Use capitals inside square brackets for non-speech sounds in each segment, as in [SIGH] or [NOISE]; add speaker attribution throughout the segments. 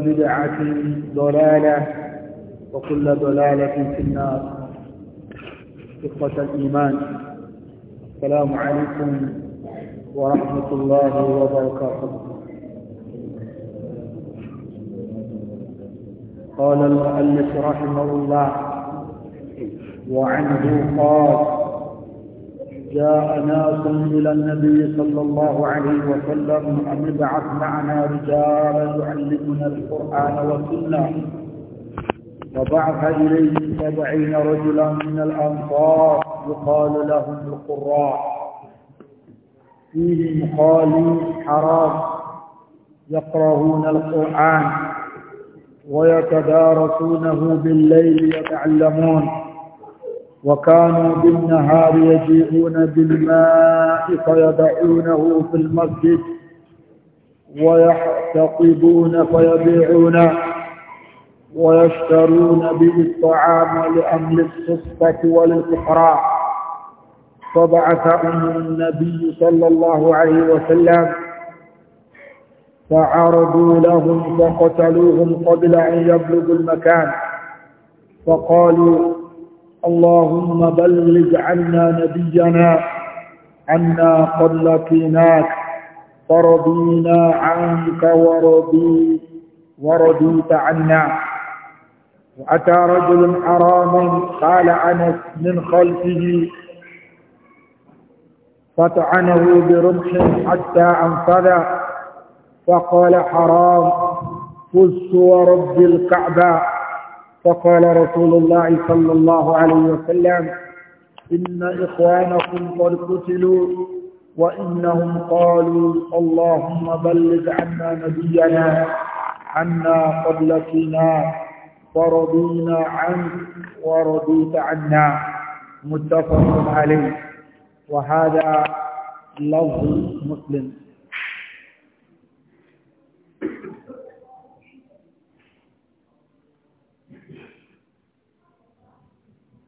Speaker 1: بدعة ضلالة وكل ضلالة في النار إخوة الإيمان السلام عليكم ورحمة الله وبركاته قال المؤلف رحمه الله وعنه قال جاء ناس إلى النبي صلى الله عليه وسلم أن يبعث معنا رجالا يعلمنا القرآن والسنة فبعث إليه سبعين رجلا من الأنصار يقال لهم القراء فيهم خالي حرام يقرؤون القرآن ويتدارسونه بالليل يتعلمون وكانوا بالنهار يجيئون بالماء فيضعونه في المسجد ويحتقبون فيبيعونه ويشترون به الطعام لأهل الصفة والفقراء فبعث النبي صلى الله عليه وسلم فعرضوا لهم فقتلوهم قبل أن يبلغوا المكان فقالوا اللهم بلغ عنا نبينا عنا قد لقيناك فرضينا عنك ورضي ورضيت عنا وأتى رجل حرام قال أنس من خلفه فطعنه برمح حتى أنفذ فقال حرام فزت ورب الكعبة فقال رسول الله صلى الله عليه وسلم إن إخوانكم قد قتلوا وإنهم قالوا اللهم بلغ عنا نبينا عنا قد فرضينا عنك ورضيت عنا متفق عليه وهذا لفظ مسلم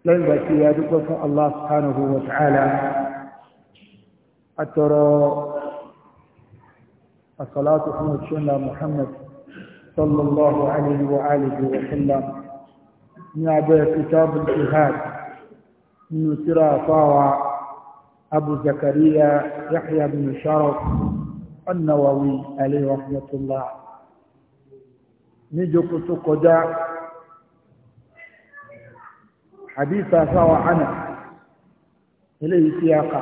Speaker 1: لن بأتي الله سبحانه وتعالى أترى الصلاة حمد شنى محمد صلى الله عليه وآله وسلم من أبا كتاب الجهاد من سراء طاوى أبو زكريا يحيى بن شرف النووي عليه رحمة الله نجو كتو قدع hadith asawa ana eléyìí tí a kà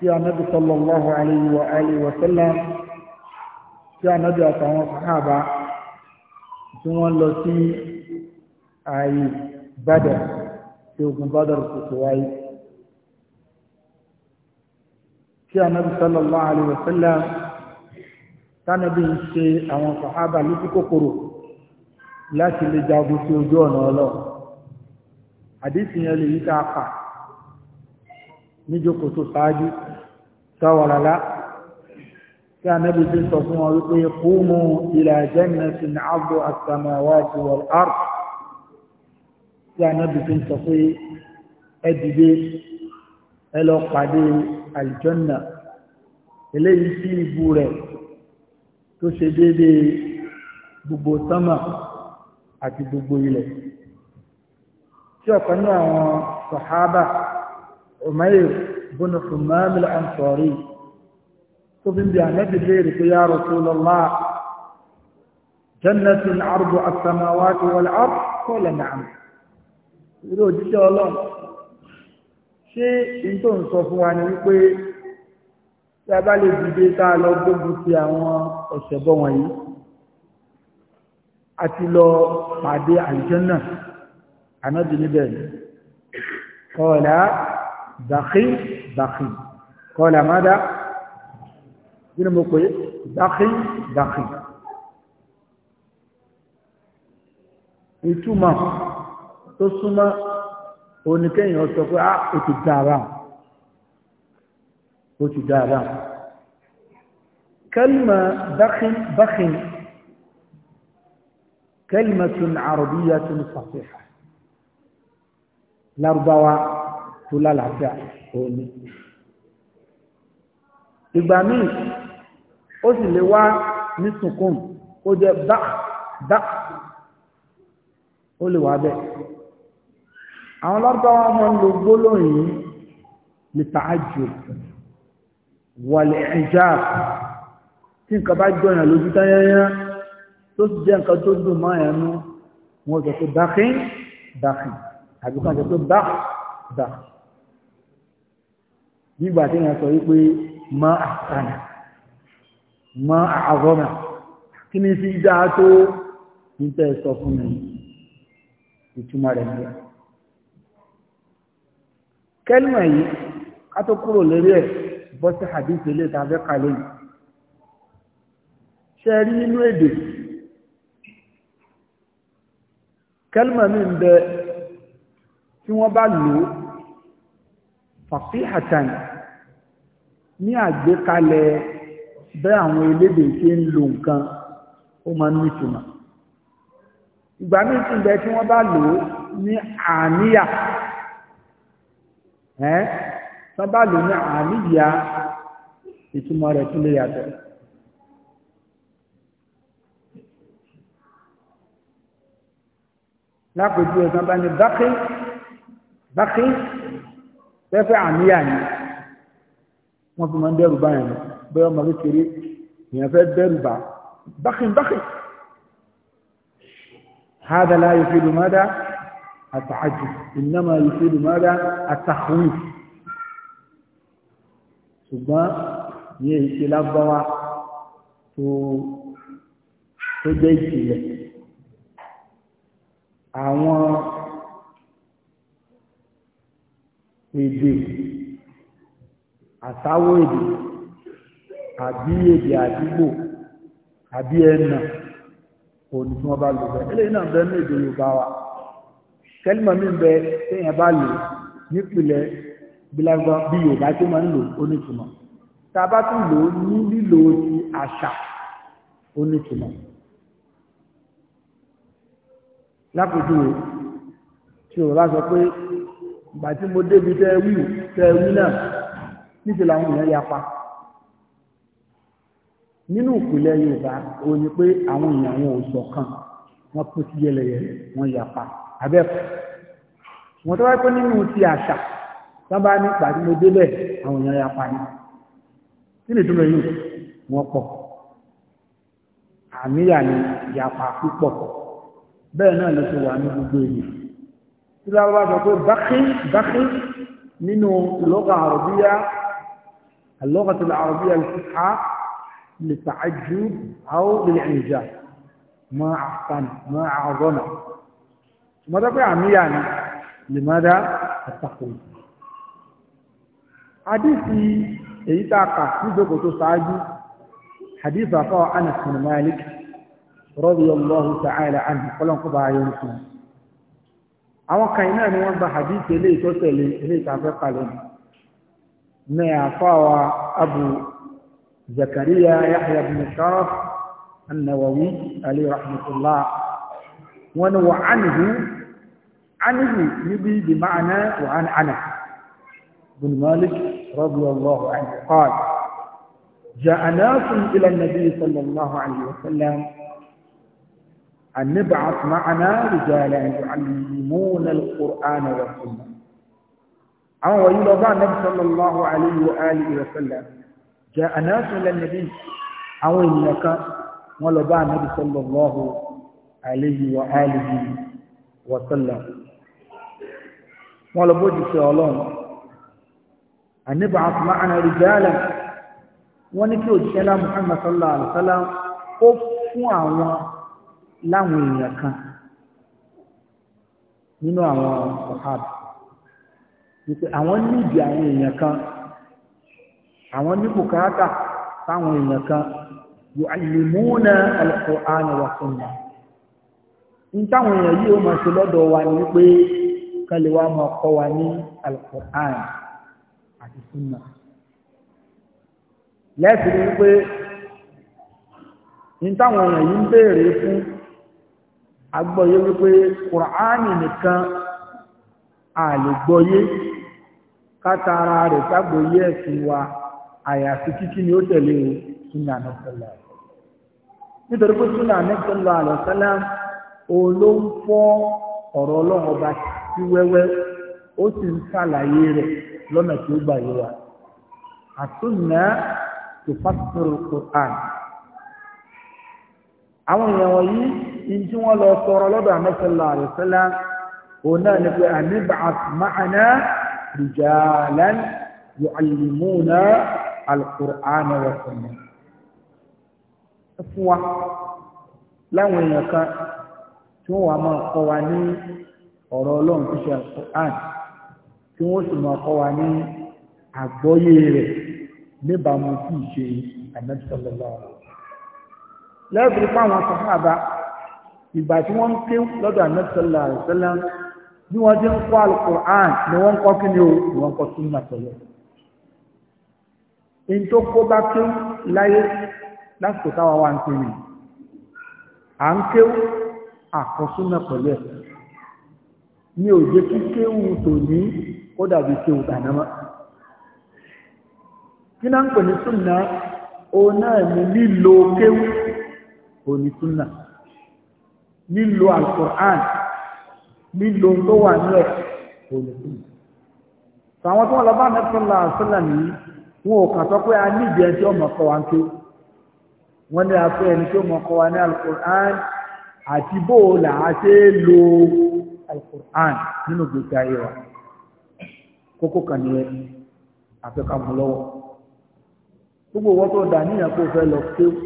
Speaker 1: tí a nabi sallallahu alayhi wa alihi wa sallam tí a nabi àtàwọn sàhábà tí wọ́n lọ sí ààyè Badr tí ogun Badr kò tó wáyé nabi sallallahu alayhi wa sallam tánàbí ń ṣe àwọn sàhábà lójú kòkòrò láti lè jagun sí ojú ọ̀nà ọlọ́run àdísì yẹn lè yíká apà níjókòó tó ṣáájú sáwàlálá tí ànábì ti sọ fún wọn wípé qumu ila jannatin 'arduha as-samawati wal ard tí ànábì ti sọ pé ẹ dìde ẹ lọ pàdé àlìjọ́nà eléyìí sí ibu rẹ̀ tó ṣe déédéé gbogbo sánmà àti gbogbo ilẹ̀ tí ọ̀kan ní àwọn sàhábà Umair bùnú fùmáàmìlì àǹsọ̀rí tó fi ń bí ànẹ́bì léèrè pé ya Rasulullah jannatu al-ardu as-samawati wal-ard qala tí a bá lè dìde tá a lọ gbógun ti àwọn ọ̀ṣẹ̀bọ wọ̀nyí a ti lọ pàdé àlùjànnà ànábì níbẹ̀ ni kọ́ọ̀lá dàkí dàkí kọ́ọ̀lá mádà kí ni mo pè é dàkí dàkí. ìtumọ̀ tó súnmọ́ oníkẹ́yìn ọ̀sọ̀ pé a ò dára ó ti dáadáa kalma bakhin bakhin kalmatun arabiyatun fasaha lárúbáwá tó lálàáfíà òní ìgbà míì ó sì lè wá ní sùkún ó jẹ bak bak ó lè wá bẹ́ẹ̀ àwọn lárúbáwá máa ń lo gbólóhùn yìí lè tàájú wàlẹ̀ ìjáàf tí nǹkan bá jọyàn lójú táyáyá tó sì jẹ́ nǹkan tó dùn máa yẹn nú wọn sọ pé bákin bákin àbí kan sọ pé bák bák nígbà tí yẹn sọ wípé má àtànà má àgọ́nà kí ni fi dáa tó níta ẹ̀ sọ fún mi ìtumọ̀ rẹ̀ nìyẹn kẹ́lìmọ̀ yìí ká tó kúrò lérí ẹ̀ bọ́ sí hadith ilé tàbí kalẹ̀ yìí ṣe rí nínú èdè kẹlmà mi ń bẹ tí wọ́n bá lò fasihatan ní àgbékalẹ̀ bẹ́ àwọn elédè tí ń lo nǹkan ó máa ń nítumọ̀ ìgbà mi ti tí wọ́n bá lò ní àníyà ẹ́ sábà lò ní àníyà ìtumọ̀ rẹ̀ tún lè yàtọ̀. lápòjú ẹ̀sán bá ní bákí bákí pẹ́fẹ́ àníyà ni wọ́n fi máa ń dẹ́rù báyìí ni bẹ́ẹ̀ ọmọ kékeré èèyàn fẹ́ dẹ́rù bá bákí bákí هذا لا يفيد ماذا التعجب إنما يفيد ماذا التخويف ṣùgbọ́n ní èsì lágbáwá tó tó jẹ́ ìjìnlẹ̀ àwọn èdè àtàwọ̀ èdè àbí èdè àdúgbò àbí ẹ̀nà òní tí wọ́n bá lò bẹ́ẹ̀ eléyìí náà bẹ́ẹ̀ ní èdè Yorùbá wa kẹ́límọ̀ mi bẹ téèyàn bá lò nípìnlẹ̀ bílágbọ́n bí yorùbá tí wọ́n ń lò onítùmọ̀ tá a bá tún lò ó ní lílo ti àṣà onítùmọ̀ lápòjúwe tí o bá sọ pé ìgbà tí mo débi tẹ wí tẹ wí náà níṣẹ́ làwọn èèyàn yapa nínú ìpìlẹ̀ yorùbá o ní pé àwọn èèyàn wọn ò ṣọ̀kan wọ́n pín sí yẹlẹyẹlẹ wọ́n yapa abẹ́fọ́ wọ́n tó wáyé pé nínú ti àṣà wọ́n bá ní pàdé mo débẹ̀ àwọn èèyàn ya parí kí ni ìtumọ̀ yìí wọ́n pọ̀ àmìyà ni ìyapa púpọ̀ bẹ́ẹ̀ náà ló ti wà ní gbogbo èdè tí lábá sọ pé bákí bákí nínú lọ́gà àrọ̀bíyá اللغة العربية الفصحى للتعجب أو للإعجاب ما أحسن ما أعظم ماذا في عميان لماذا التقويم àdìsí èyí tá a kà níjókòó tó ṣáájú àdìsí àfọ Anas bin Malik radiyallahu ta'ala anhu kọ́lọ́nkú bá ayé ń sùn àwọn kan iná ni wọ́n gba àdìsí eléyìí tó tẹ̀lé eléyìí kalẹ̀ ní àfọ Abu Zakariya Yahya bin Sharaf النووي عليه رحمة الله وعنه عنه يبي بمعنى وعن عنه بن مالك رضي الله عنه قال جاء ناس إلى النبي صلى الله عليه وسلم أن نبعث معنا رجالا يعلمون القرآن والسنة أو يلقى النبي صلى الله عليه وآله وسلم جاء ناس إلى النبي أو إنك ولقى النبي صلى الله عليه وآله وسلم ولبوجه الله àníbàá máàna rìjálẹ̀ wọ́n ní kí òjíṣẹ́ lá Muhammad sallallahu alaihi wasallam ó fún àwọn láwọn èèyàn kan nínú àwọn sahab wípé àwọn níbi àwọn èèyàn kan àwọn ní bùkátà táwọn èèyàn kan yu'allimuna al-Qur'an wa sunnah ní táwọn èèyàn yìí ó máa ṣe lọ́dọ̀ wa ni wípé kálí máa kọ́ wa ní al-Qur'an. àti súnà lẹ́sìn ni wípé ní táwọn èèyàn yìí ń fún agbọ́yé wípé kùránì nìkan àlègbọ́yé kátara rẹ̀ ságbòyé ẹ̀sìn wa àyàfi kíkí ni ó tẹ̀lé o súnà nítorí pé súnà ló ń fọ́ ọba sí wẹ́wẹ́ ó sì lọ́nà tí ó gbà yé wa àtúnná tó fásitì Qur'an àwọn èèyàn wọ̀nyí in tí wọ́n lọ sọ̀rọ̀ lọ́dọ̀ àmẹ́sẹ̀lá àrẹ̀sẹ́lá òun náà ni pé anib'ath ma'ana rijalan yu'allimuna al-Qur'an wa sunnah fún wa láwọn èèyàn kan tí wọ́n wà máa kọ́ wa ní ọ̀rọ̀ ọlọ́run tó ṣe Qur'an tí wọ́n sì máa kọ́ wa ní àgbọ́yé rẹ̀ níbàámu sí ìṣe Ànábì sallallahu alaihi wasallam lẹ́bùrú fáwọn sàhábà ìgbà tí wọ́n ń ké lọ́dọ̀ Ànábì sallallahu alaihi wasallam bí wọ́n ti ń kọ́ alukur'an ni wọ́n ń kọ́ kí ni o ni wọ́n kọ́ súnmọ́ pẹ̀lú ẹni tó kó bá ké láyé lásìkò táwa wà ń ké ni à ń ké àkọsúnmọ́ pẹ̀lú ẹ̀ ní òjé kíkéwù tòní kódà bí ṣe ò dànámá kí náà ń pè ní súnà o náà ní lílo kéwú o ní súnà lílo alukur'an lílo tó wà ní ẹ̀ o ní súnà sàwọn tí wọ́n lọ bá nẹ́sọ̀lá àṣọlá nìyí wọn ò kà sọ pé a ní ìdí ẹni wa ń ké wọ́n ní afẹ́ ẹni tí ó wa ní alukur'an àti bóòlà àti èèlò alukur'an nínú gbèsè ayé wa kókó kan nìyẹn àfẹ́ká mú lọ́wọ́ gbogbo wọn tó dà níyàn kó fẹ́ lọ kéwù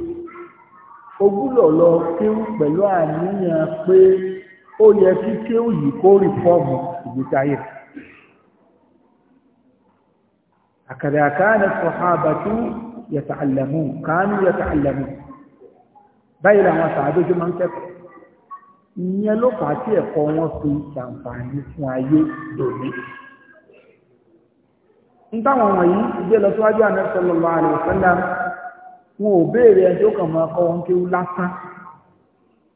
Speaker 1: o gbúdọ̀ lọ kéwù pẹ̀lú àníyàn pé ó yẹ kí kéwù yìí kó rí fọ́ọ̀mù ìgbésí ayé àkàrẹ̀ àkáàní sọ̀hábàtú yàtàlẹ̀mú kánú yàtàlẹ̀mú báyìí làwọn sàádójú máa ń kẹ́kọ̀ọ́ ìyẹn ló fà á tí ẹ̀kọ́ wọn fi ṣàǹfààní fún ayé lónìí ń táwọn wọ̀nyí gbé lọ síwájú Ànábì sallallahu alaihi wasallam wọn ò béèrè ẹjọ́ kan máa kọ́ wọn kéwú lásán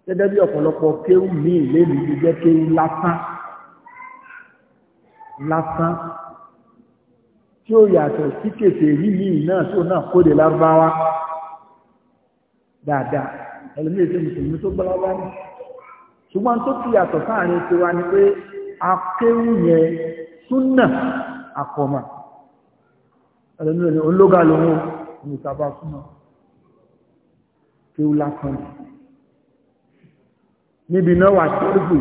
Speaker 1: gẹ́gẹ́ bí ọ̀pọ̀lọpọ̀ kéwú míì lélùú ti jẹ́ kéwú lásán lásán tí ó yàtọ̀ sí kèfèrí míì náà tó náà kóde lárúbáwá dáadáa ẹlòmíì sí mùsùlùmí tó gbọ́ lọ́wọ́ ní ṣùgbọ́n tó fi yàtọ̀ sáàrin tiwa ni pé akéwú yẹn súnà àkọ́mà ẹlẹ́mìíràn ni ológa lòun ní ìtàbà súnmọ́ kí ó lákan níbi náà wà tẹ́lifù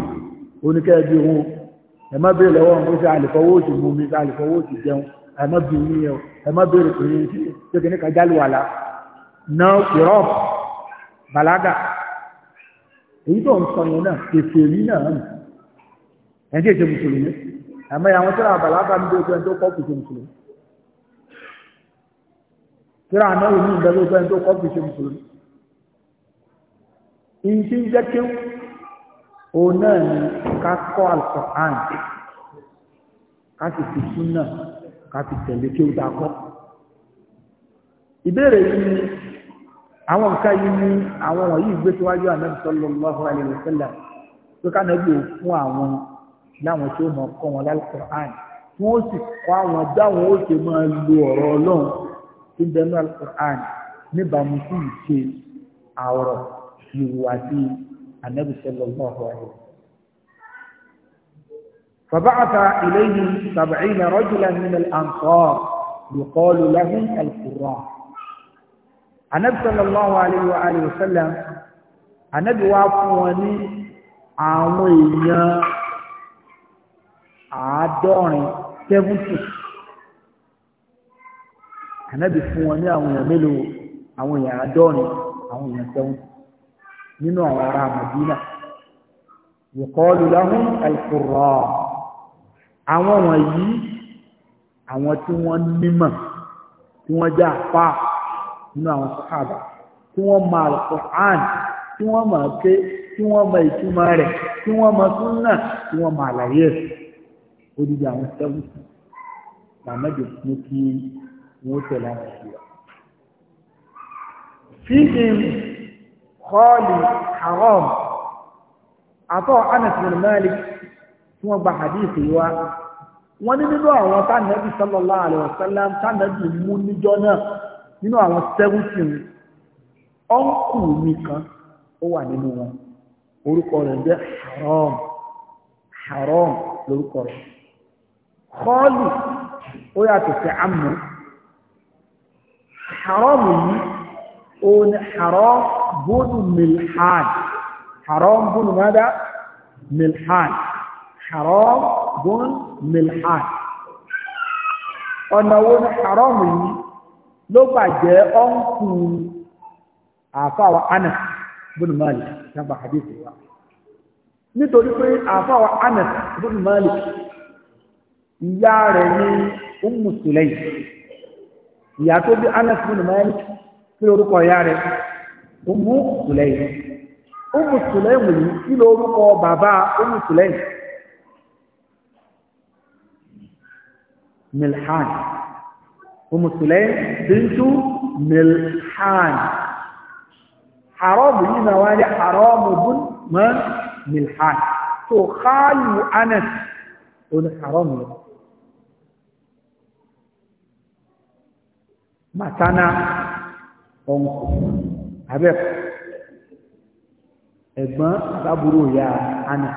Speaker 1: oníkẹ́ẹ̀bí òun ẹ̀mọ́ bèèrè lọ́wọ́ ń pèsè àlìfọwọ́ òsì mú mi àlìfọwọ́ òsì jẹun ẹ̀mọ́ bí i yẹn ẹ̀mọ́ bèèrè pé ní tí kìíní kan jálù wàlá náà pẹ̀rọ bàlágà èyí tó ń sọ yẹn náà kèfè rí náà nì ẹ̀ mùsùlùmí àmọ́ àwọn tó rà bàlágà ń bèèrè tó kọ́ kèfè tíra anáwó ní ìbẹ̀rù bẹ́ẹ̀ tó kọ́ fi ṣe mùsùlùmí ìyí tí ń jẹ́ kí ó náà ní ká kọ́ Al-Qur'an ká sì fi súnà ká sì tẹ̀lé kí ó dá kọ́ ìbéèrè yìí ni àwọn nǹkan yìí ni àwọn wọ̀nyí gbé síwájú Ànábì sallallahu alaihi wasallam tó ká nàbí ò fún àwọn láwọn tí ó mọ̀ kọ́ wọn lálùkọ́ àn tí wọ́n sì kọ́ àwọn dáwọn ó ṣe máa lo ọ̀rọ̀ Ọlọ́run tó ń bẹnu alukur'an níbàámu sí ìṣe àwọ̀rọ̀ ìhùwàsí anabi sallallahu alayhi wa فبعث إليهم سبعين رجلا من الأنصار يقال لهم القراء النبي صلى الله عليه وآله وسلم النبي وافوني àwọn èèyàn àádọ́rin seventy ànábì fún wọn ní àwọn èèyàn mélòó àwọn èèyàn àádọ́rin àwọn èèyàn sẹ́wọ̀n nínú àwọn ará Madina yuqalu lahum al-qurra àwọn wọ̀nyí àwọn tí wọ́n nímọ̀ tí wọ́n jẹ́ àpá nínú àwọn sàhábà tí wọ́n mọ al tí wọ́n mọ̀ ké tí wọ́n mọ ìtumọ̀ rẹ̀ tí wọ́n mọ súnà tí wọ́n mọ àlàyé ẹ̀ odidi àwọn sẹ́wọ̀n làmẹ́jọ fún kí wuce lafiya fihim khali haram àtọ́ anas bin malik tí wọ́n gba hadithi wa wọ́n ní nínú àwọn tánàbí sallallahu alaihi wasallam tánàbí mú níjọ́ náà nínú orúkọ rẹ̀ jẹ́ haram haram lórúkọ rẹ̀ khali ó yàtọ̀ sí àmú haramu yìí ó ní haram bónú milhan haram bónú mada milhan haram bónú milhan ọ̀nà wo ní haramu yìí ló bàjẹ́ ọ́nkù àfáwà anas bónú malik sábà hadith wa nítorí pé àfáwà anas bónú malik ìyá rẹ̀ ní ummu sulaym ìyá tó bí Anas bin Malik kí lórúkọ ìyá rẹ̀ Ummu Sulaym Ummu Sulaym yìí kí lórúkọ bàbá Ummu Sulaym Milhan Ummu Sulaym bintu Milhan haramu yìí náà wáyé haramu bun mọ́ Milhan tó xaalu Anas ó haramu yìí. maternal uncle abẹ́kọ̀ ẹ̀gbọ́n àbábúrò ya ana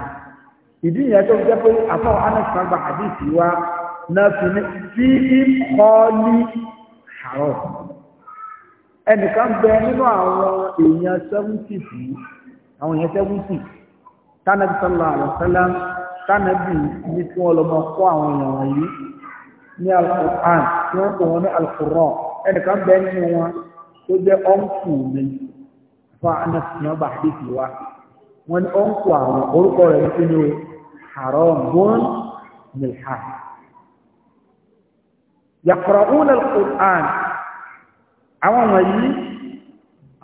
Speaker 1: ìdí ìyẹn tó jẹ́ pé afọ́ ana kan gba àdìsí wa náà fi ní tí ń kọ́ ní àárọ̀ ẹnìkan bẹ nínú àwọn èèyàn seventy sí àwọn èèyàn seventy tánàbí sọlá àlọ́sálá tánàbí ní kí wọ́n lọ́mọ kọ́ àwọn èèyàn wọ̀nyí ní alukur'an tí wọ́n pè wọ́n ní alukur'an ẹnìkan bẹ nínú wọn tó jẹ́ ọ́nkù mi fún anásìyàn bá àdéhì wa wọ́n ní ọ́nkù àwọn orúkọ rẹ̀ ní kíni o haramun milha yàkùrọ̀hún al-Qur'an àwọn wọ̀nyí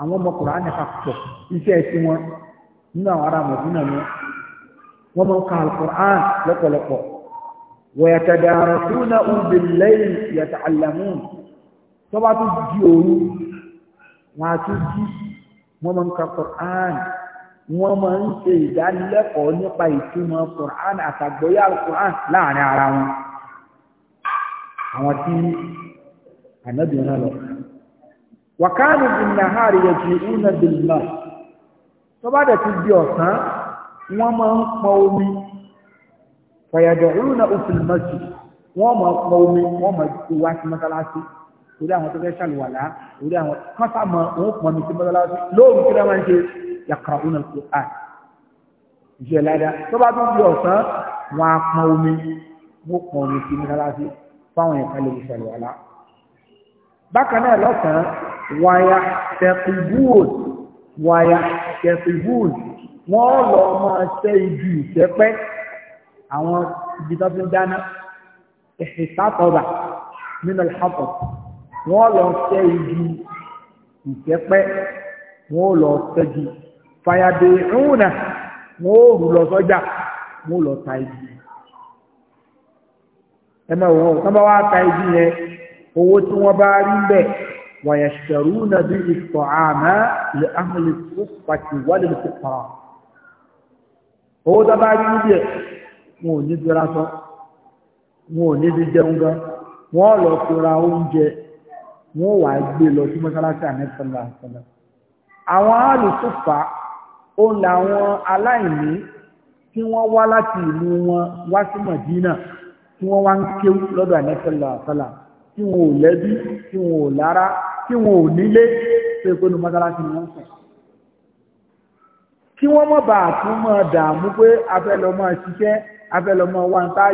Speaker 1: àwọn ọmọ Qur'an nípa pọ̀ iṣẹ́ ẹ̀sìn wọn nínú àwọn ará mọ̀dúnà ni wọ́n máa ń ka al-Qur'an lọ́pọ̀lọpọ̀ wọ̀yàtàdàrọ̀ tó náà ń bèèrè lẹ́yìn àlàmú tó bá tún di òru wọn á jí wọn máa ń ka Qur'an wọn máa ń ṣe ìdánilẹ́kọ̀ọ́ nípa ìtumọ̀ Qur'an àtàgbọ́yà Qur'an láàrin ara wọn àwọn tí ànábì náà lọ. wàkánù bin nahari yẹtù ìhùnà bìnnà tó bá dẹ̀ ti di ọ̀sán wọ́n máa ń pọn omi máa orí àwọn tó fẹ́ ṣàlùwàlá orí àwọn kọ́sà mọ òun pọ̀ mi sí mọ́tàláwọ́sí lóòrùn kí wọ́n máa ń ṣe yàkàrà òun àti àì ìṣe ládàá tó bá tún di ọ̀sán wọn á pọn omi wọn pọn omi sí mọ́tàláwọ́sí fáwọn ẹ̀ka lè ṣàlùwàlá. lọ máa ṣẹ́ ibi ìṣẹ́pẹ́ àwọn ibi fi ń dáná ìṣèṣàtọ̀bà nínú ìṣàtọ̀bà wọ́n lọ fẹ́ igi ìkẹ́pẹ́ wọ́n lọ fẹ́gi fàyàdé ńwùnà wọ́n ò rù lọ sọ́jà wọ́n lọ ta igi ẹ máa wọ́n wọ́n bá wá ta igi yẹn owó tí wọ́n bá rí bẹ́ẹ̀ wàyàṣẹ̀rú nàbí ìtọ̀ àmà lè áhùn lè pàtì wálé lè fòpà owó tó bá rí níbi ẹ̀ wọn ò ní fi ra wọn ò ní fi jẹun gan wọn lọ fi oúnjẹ wọ́n wà á gbé lọ sí mọ́sálásí àmẹ́sọ̀lá àṣọlá àwọn alùsùfà ó làwọn aláìní tí wọ́n wá láti ìlú wọn wá sí mọ̀dínà tí wọ́n wá ń kéwú lọ́dọ̀ àmẹ́sọ̀lá àṣọlá tí wọn ò lẹ́bí tí wọn ò lára tí wọn ò nílé pé pé ní mọ́sálásí ni wọ́n sùn kí wọ́n mọ̀ bá àtún mọ̀ dààmú pé afẹ́ lọ mọ̀ ṣiṣẹ́ afẹ́ lọ mọ̀ wá ń tá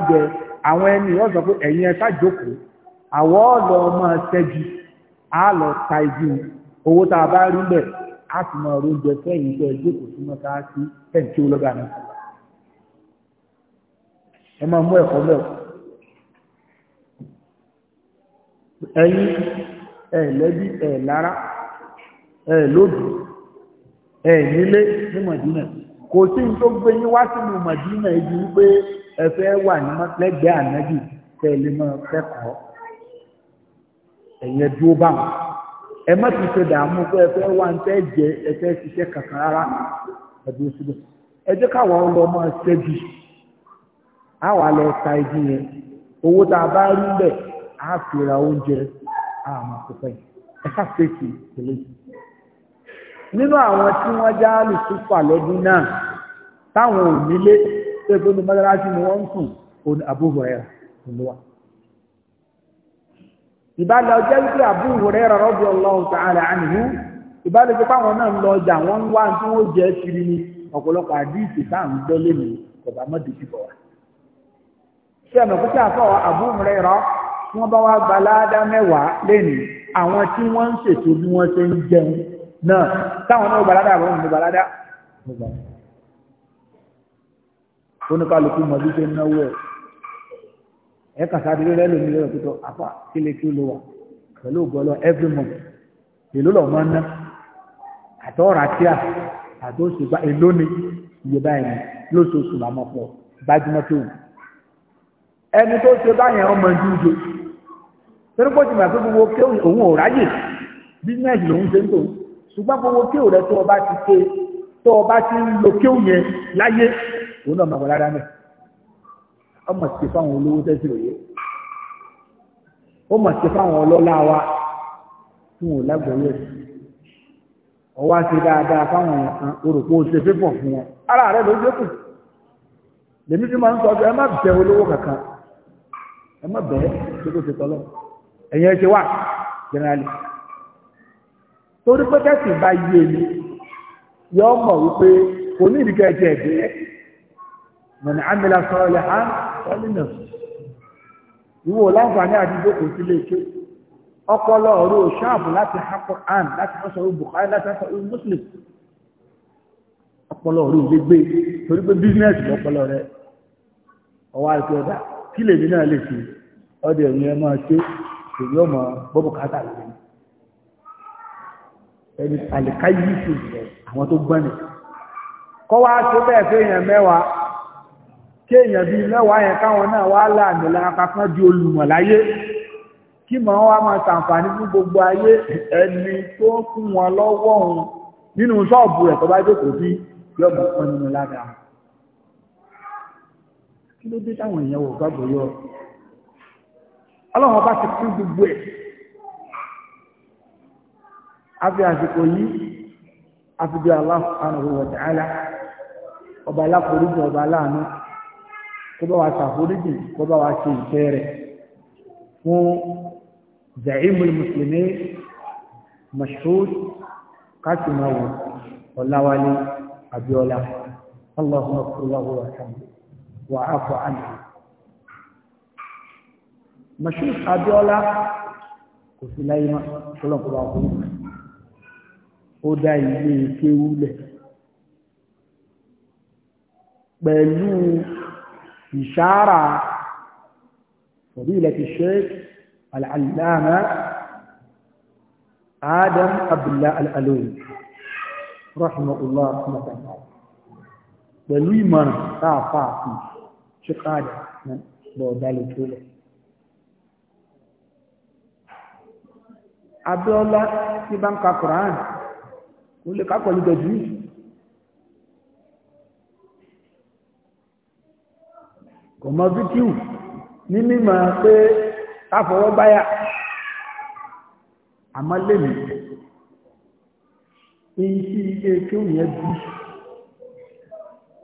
Speaker 1: àwọn ẹni yóò sọ pé ẹ̀yin ẹ jókòó àwọ̀ ọ̀lọ́ mọ̀ ṣẹ́jú á lọ ta igi owó tá a bá rí bẹ̀ á sì máa ro oúnjẹ fẹ́yìn tó ẹjọ́ kò súnmọ́ ká sí fẹ́ǹtì ológa náà ẹ máa mú ẹ̀kọ́ bẹ́ẹ̀ ẹ̀yin ẹ̀ lẹ́bí ẹ̀ lára ẹ̀ lódì ẹ̀ nílé ní mọ̀dínà kò sí tó gbé yín wá sínú mọ̀dínà ibi wípé ẹ fẹ́ wà ní lẹ́gbẹ̀ẹ́ ànábì tẹ̀lé máa kẹ́kọ̀ọ́ ẹ̀yẹn dúró bá wọn ẹ má ti ṣe dààmú pé ẹ fẹ́ wá ń tẹ́ jẹ ẹ fẹ́ ṣiṣẹ́ kankan rárá ẹ̀dùn síbẹ̀ ẹ jẹ́ káwọn ọlọ́ máa ṣẹ́bi á wà lọ ta igi yẹn owó tá a bá rí bẹ̀ á fi ra oúnjẹ àmọ́ kò fẹ́ ẹ ká fèsì ìpínlẹ̀ nínú àwọn tí wọ́n já lùsùfà lọ́dún náà táwọn ò nílé pé gbóni mọ́tàlásì ni wọ́n ń sùn òun àbúrò ẹ̀ ló wà ìbálẹ̀ ọjọ́ wípé Abu Hurairah radiyallahu ta'ala anhu ìbálẹ̀ pípa àwọn náà ń lọ ọjà wọ́n ń wá tí wọ́n jẹ́ kiri ni ọ̀pọ̀lọpọ̀ àdíìsì sáà ń gbọ́ lé mi kọ̀bá mọ́ dèjì bọ̀ wá. ṣé ẹ̀mọ̀ kó sáfọ̀ Abu Hurairah tí wọ́n bá wá gba láàdá mẹ́wàá lẹ́nu àwọn tí wọ́n ń ṣètò bí wọ́n ṣe ń jẹun náà táwọn náà gbalada àbọ̀ òun gbalada ẹ kàṣàdé rẹ lómi lọ́rọ̀ pípọ̀ apá kílé kí ló wà pẹ̀lú ògbọ́lọ́ every month èló lọ máa ń ná àtọ́ra tíà àtọ́sùgbà èló ni iye báyìí ni lóṣooṣù làwọn pọ̀ gbajúmọ̀ tó wù. ẹni tó ṣe báyẹn ọmọ ju ju torí pé tìmọ̀ pé gbogbo kéwù òun ò ráyè bísíǹnẹ̀sì lòun ṣe ń tò ṣùgbọ́n gbogbo kéwù rẹ tó o ti ṣe tó o ti ń lo kéwù yẹn láyé òun náà mọ̀ ó mà ṣe fáwọn olówó tẹ́sí òye ó mà ṣe fáwọn ọlọ́lá wa tí wọn ò lágbọ̀ọ́yé ọwọ́ àti dáadáa fáwọn èèyàn oròpó ṣe fífọ̀ fún wọn ara rẹ̀ ló jókòó lèmi fi máa ń sọ ọjọ́ ẹ má bẹ olówó kankan ẹ má bẹ ṣe kó ṣe tọ́lọ́ ẹ̀yìn ẹ ṣe wà jẹ́nẹ́rálì torí pé tẹ́sì bá yé mi yọ mọ̀ wípé kò ní ìdíkẹ́ ẹ̀jẹ̀ ẹ̀dẹ́ mọ̀nà àmìlà sọ̀rọ̀ lẹ́hàn àkọọ́lìnà ìwò láǹfààní àdíjókòó sílé ike ọpọlọ ọ̀rọ̀ ṣáàbù láti hapọ̀ àn láti fọ́sọ̀ Bukhari láti fọ́sọ̀ Muslim ọpọlọ ọ̀rọ̀ gbégbé torí pé bísínẹ́sì lọpọlọ rẹ ọwọ́ àti ọ̀dà kí lèmi náà lè fi ọdẹ ẹ̀yìn ẹ máa ṣe èyí ọmọ bọ́bùkátà lè ẹni àlìkáyìí sí àwọn tó gbọ́nì kọ́ wá ṣe bẹ́ẹ̀ fẹ́ èèyàn mẹ́wàá kí èèyàn bíi mẹ́wàá yẹn káwọn náà wá láàmì lápá kan di olùmọ̀ láyé kí mọ̀ wá máa ṣàǹfààní fún gbogbo ayé ẹni tó kún wọn lọ́wọ́ òun nínú ṣọ́ọ̀bù rẹ̀ tó bá jókòó sí yọ̀bù kan nínú ládàá kí ló dé táwọn èèyàn wò gbàgbọ́ yọ ọlọ́run ọba ti kú gbogbo ẹ̀ àfi àsìkò yìí àfi bí Allah subhanahu wa ta'ala ọba aláforíjì ọba aláàánú kó bá wa ṣàforíjì kó bá wa ṣe ìfẹ́ rẹ̀ fún zaimul musulmi mashhud kásìmáwò ọ̀làwálé abiola allahumma sallallahu wa sallam wa afu anhu mashhud abiola kò sí láyé má kọlọ́nkọ́ bá ó dá ilé kéwú pẹ̀lú في شارع فضيلة الشيخ العلامة آدم عبد الله الألوي رحمه الله رحمه الله ولي من صافا في شيخ آدم بو دالي تولي عبد الله في بنك القرآن كل كاكو لدجيش kò mọ fíkíù ní mímọ̀ pé káfọwọ́ báyà àmọ́ lèmi èyí sí ilé kíù yẹn bí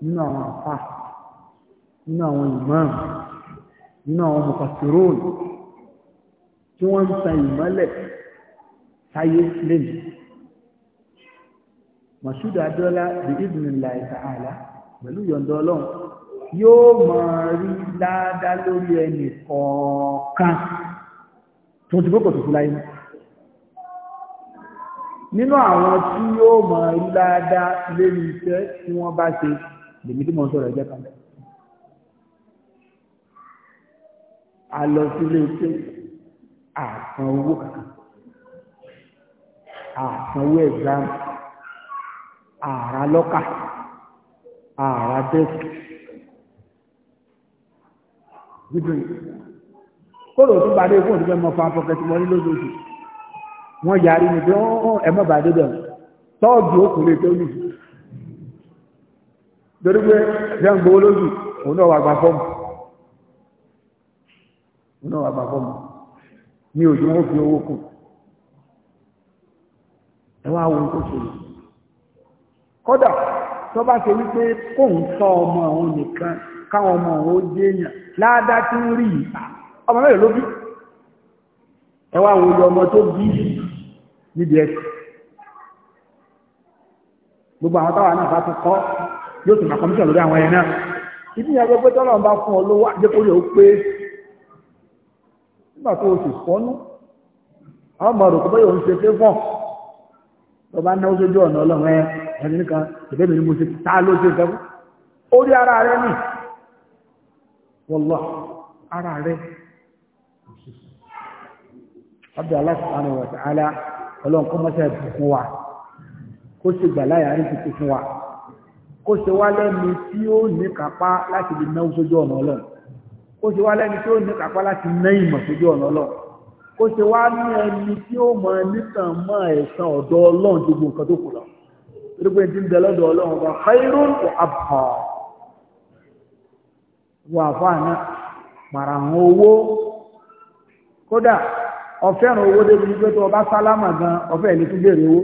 Speaker 1: nínú àwọn àfà nínú àwọn ìmọ̀ràn nínú àwọn mọ̀kàtìróòlù tí wọ́n ń tan ìmọ́lẹ̀ táyé lèmi mọ̀ṣúdà dọ́là bí ìdùnnú ìlà ìtàhálà pẹ̀lú yọ̀ǹda ọlọ́run yóò máa rí dáadáa lórí ẹnì kọ̀ọ̀kan tó ti gbókò tó fi láyé mọ́ nínú àwọn tí yóò máa rí dáadáa lórí iṣẹ́ tí wọ́n bá ṣe lèmi tí mo ń sọ̀rọ̀ ẹ̀jẹ̀ kan a lọ sílé iṣẹ́ àsan owó kankan àsanwó ẹ̀gbáàmù àrà lọ́kà àrà dẹ́sì Jibril kóòrò tó bá dé fún òṣìṣẹ́ mọ́ fa pọkẹtì mọ́ nílòdòdò wọ́n yarí ní pé wọ́n ẹ̀mọ́ bá dé bẹ̀rù tọ́ọ̀dù òkùnrin tó ní torí pé ṣe ń gbowó lójú òun náà wà gbà fọ́ọ̀mù òun náà wà gbà fọ́ọ̀mù ní òjò wọn fi owó kù ẹ wá wo kó ṣe kódà tó bá ṣe wípé kóun tọ́ ọmọ òun nìkan káwọn ọmọ ò jẹ́ èèyàn láàdá tí ń rí ìta ọmọ mẹ́rin ló bí ẹwà àwọn olú ọmọ tó bí níbi ẹsẹ̀ gbogbo àwọn táwọn náà bá tún kọ́ yóò tún máa kọ́míṣọ̀ lórí àwọn ẹ̀yẹ náà ìdí ìyá gbogbo tọ́lọ̀ ń bá fún ọ lówó ó pé nígbà tó o sì fọ́nú àwọn ọmọ rò kó bẹ́ẹ̀ òun ṣe fẹ́ fọ́n lọ bá náwó sójú ọ̀nà ọlọ́run ẹ ẹni nìkan ìbẹ́mi ni mo ṣe ta ló ṣe fẹ́ fún orí ara rẹ nìyí wọ́lọ́ ara rẹ̀ Abdullahi subhanahu wa ta'ala ọlọ́run kó mọ́sẹ̀ fún wa kó ṣe gbà láyà rí tuntun fún wa kó ṣe wá lẹ́nu tí ó ní kápá láti lè náwó sójú ọ̀nà ọlọ́run kó ṣe wá lẹ́nu tí ó ní kápá láti ná ìmọ̀ sójú ọ̀nà ọlọ́run kó ṣe wá ní ẹni tí ó mọ nítàn mọ ẹ̀sán ọ̀dọ̀ ọlọ́run gbogbo nǹkan tó kù lọ. torí pé ti ń bẹ lọ́dọ̀ ọlọ́run ọba khairun wa abqa wọ àfáàná pàràhàn owó kódà ọ̀fẹ́ràn owó débi pé tó ọba sálámà gan ọ̀fẹ́ ìlú tún béèrè owó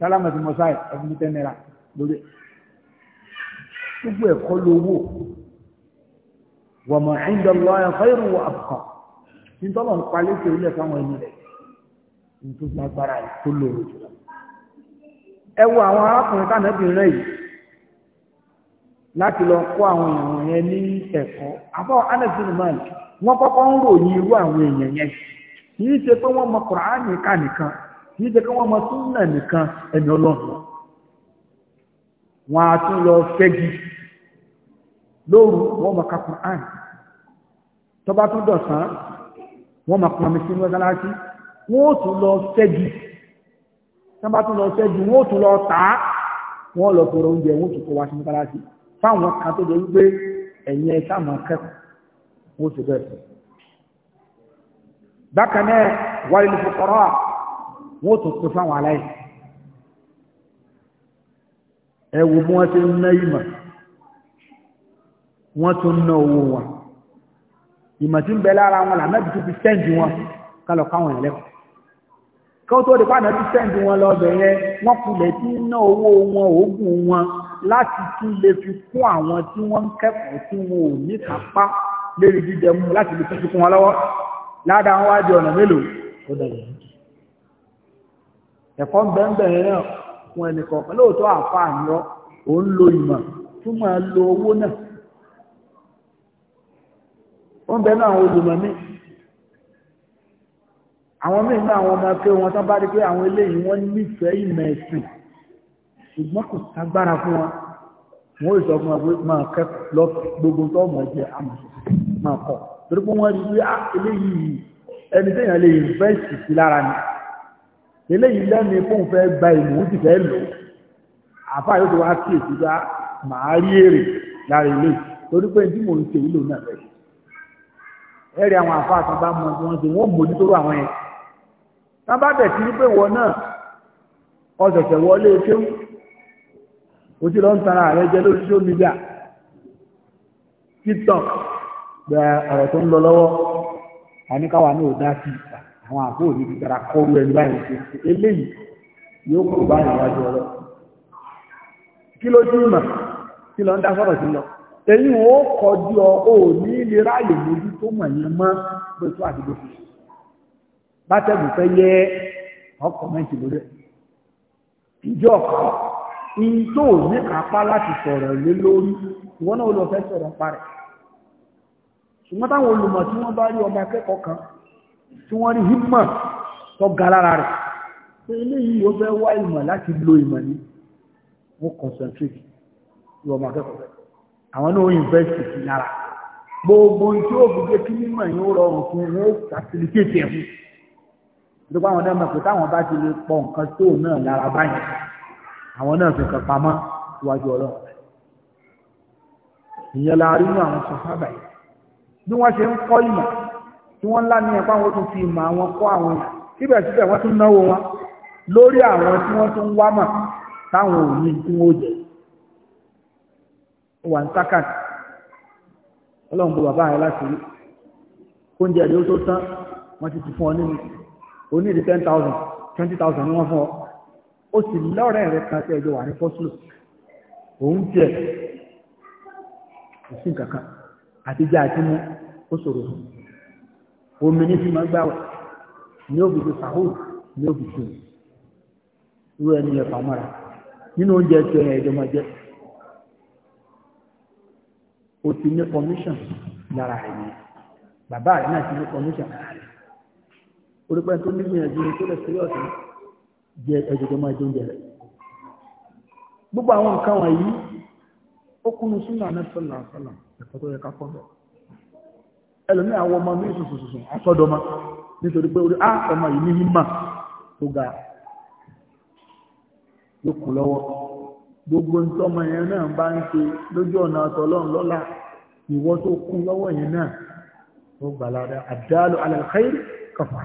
Speaker 1: sálámà ti mọ sáì ọdún tẹ́ náírà lórí gbogbo ẹ̀kọ́ lówó wọ̀mọ̀ ẹ̀ńdọ̀lọ́ ẹ̀kọ́ ìrùn wọ àbùkọ́ nítọ́lọ̀ ń palẹ́ sí orílẹ̀ fáwọn ẹni rẹ̀ nítorí agbára tó lòrò jùlọ ẹ wo àwọn arákùnrin tánàbìnrin rẹ̀ yìí láti lọ kó àwọn èèyàn yẹn ní ẹ̀kọ́ àbọ̀ anẹ́sìn man wọ́n kọ́kọ́ ń ròyìn irú àwọn èèyàn yẹn kì í ṣe pé wọ́n mọ kùránì ká nìkan kì í ṣe pé wọ́n mọ súnà nìkan ẹni ọlọ́run wọn a tún lọ fẹ́gi lóru wọ́n mọ ká kùránì bá tún dọ̀sán wọ́n mọ pọnmi sínú ẹgbẹ́láṣí wọ́n ó tún lọ fẹ́gi tó bá tún lọ fẹ́gi wọ́n ó tún lọ tà wọ́n lọ fọ̀rọ̀ oúnjẹ wọ́n tún kọ́ wá sí ẹgbẹ́láṣí fáwọn kan tó jẹ́ wípé ẹ̀yin ẹ̀ sáà máa kẹ́kọ̀ọ́ wọ́n ti bẹ́ẹ̀ bákan náà wà lè fi kọ́rọ́ à wọ́n tó tó fáwọn aláì ẹ wo bí wọ́n ti ń ná ìmọ̀ wọ́n tún ná owó wọn ìmọ̀ tí ń bẹ lára wọn làmẹ́bí tó fi sẹ́ǹdì wọn kálọ̀ káwọn ẹ̀lẹ́kọ̀ọ́ kan tó di pàdé tí sẹ́ǹdì wọn lọ bẹ̀ yẹn wọ́n kulẹ̀ tí ń ná owó wọn oògùn wọn láti tún lè fi kún àwọn tí wọ́n ń kẹ́kọ̀ọ́ tí wọn ò ní kápá lérí jíjẹ mú láti lè tún fi kún wọn lọ́wọ́ ládàá wọn wá di ọ̀nà mélòó ó dẹ̀rẹ̀ ẹ̀kọ́ bẹ́ẹ̀ náà fún ẹnìkan lóòótọ́ àfààyàn ò ń lo ìmọ̀ tún máa lo owó náà ó ń bẹ́ẹ̀ náà àwọn olùmọ̀ míì àwọn míì náà àwọn ọmọ ẹgbẹ́ wọn tán bá rí pé àwọn eléyìí wọ́n nífẹ̀ẹ́ ìmọ̀ ẹ̀sìn ṣùgbọ́n kò sagbára fún wọn wọ́n ò sọ fún wọn pé máa kẹ́kọ̀ọ́ lọ gbogbo tó mọ̀ jẹ àmọ̀ máa kọ̀ torí pé wọ́n rí pé ah, eléyìí ẹni téèyàn lè invest sí lára ni eléyìí lẹ́ni fóun fẹ́ gba ìmọ̀ ó sì fẹ́ lò àfa yóò ti wá sí èsì bá màá rí tí mò mọ̀ tí àwọn yẹn tábà bẹ̀ sí pé wọ náà ọ̀sẹ̀sẹ̀ wọlé kéwù ó ti lọ ń tara rẹ jẹ lórí social media tiktok gba ọ̀rọ̀ tó ń lọ lọ́wọ́ àníkáwá náà ò dá sí àwọn àbúrò ní ìtara kọlu ẹni báyìí ṣe eléyìí yóò kó báyìí wájú ọlọ́ kí ló tún mọ̀ kí lọ ń dá sọ̀rọ̀ sí lọ èyí wọn ó kọjú ọ ò ní ráàyè lójú tó mọ̀ yẹn mọ́ bẹ́ẹ̀ tó àti bátẹ́gùn fẹ́ yẹ ọkọ̀ mẹ́tì lórí ẹ̀ ìjọ ọ̀kọ̀ in tó ní apá láti sọ̀rọ̀ lé lórí ìwọ́n náà lọ fẹ́ sọ̀rọ̀ pa rẹ̀ ṣùgbọ́n táwọn olùmọ̀ tí wọ́n bá rí ọmọ akẹ́kọ̀ọ́ kan tí wọ́n rí himma tó ga lára rẹ̀ pé eléyìí ó fẹ́ wá ìmọ̀ láti lo ìmọ̀ ni wọ́n concentrate ní ọmọ akẹ́kọ̀ọ́ rẹ̀ àwọn náà invest sí lára gbogbo tí ó fi jẹ́ kí mímọ̀ yìí ó rọrùn fún wọn ó facilitate ẹ̀ fún nítorí àwọn náà mọ̀ pé táwọn bá ti lè pọ̀ nǹkan tó náà lára báyìí àwọn náà fi kàn pamọ́ síwájú ọlọ́run ìyẹn la rí nínú àwọn sọ̀hábà yìí bí wọ́n ṣe ń kọ́ ìmọ̀ tí wọ́n ńlá ní ẹ̀pá wọn tún fi ìmọ̀ àwọn kọ́ àwọn èèyàn síbẹ̀síbẹ̀ wọ́n tún náwó wọn lórí àwọn tí wọ́n tún wá mọ̀ táwọn ò ní tí wọ́n jẹ wà ń sákàtì ọlọ́run bó bàbá rẹ láti rí kóúnjẹ rẹ ó tó tán wọ́n ti ti fún ọ nínú ó ní ìdí ten thousand twenty thousand ní wọ́n fún ọ ó sì lọ́rẹ̀ rẹ̀ ẹjọ́ wà ní fọ́sùlù òun tiẹ̀ ìsìn kankan àti jẹ́ àti mú ó ṣòro omi ní fi máa gbà ní òbí ti ní òbí rú ẹni nínú oúnjẹ tí jẹ́ o ti ní commission lára rẹ̀ bàbá rẹ̀ náà ti ní commission lára orúkọ ẹni tó ní gbìyànjú ní tó lè sílẹ̀ ọ̀sán jẹ ẹjọ́ tó máa jóúnjẹ rẹ̀ gbogbo àwọn nǹkan wọ̀nyí ó kúnnu sínú àmẹ́sọ̀lá àṣọlá ẹ̀kọ́ tó yẹ ká kọ́ bẹ̀ ẹlòmí àwọn ọmọ mi sùsùsùsùn àsọdọmọ nítorí pé orí á ọmọ yìí ní mímà tó ga ló kù lọ́wọ́ gbogbo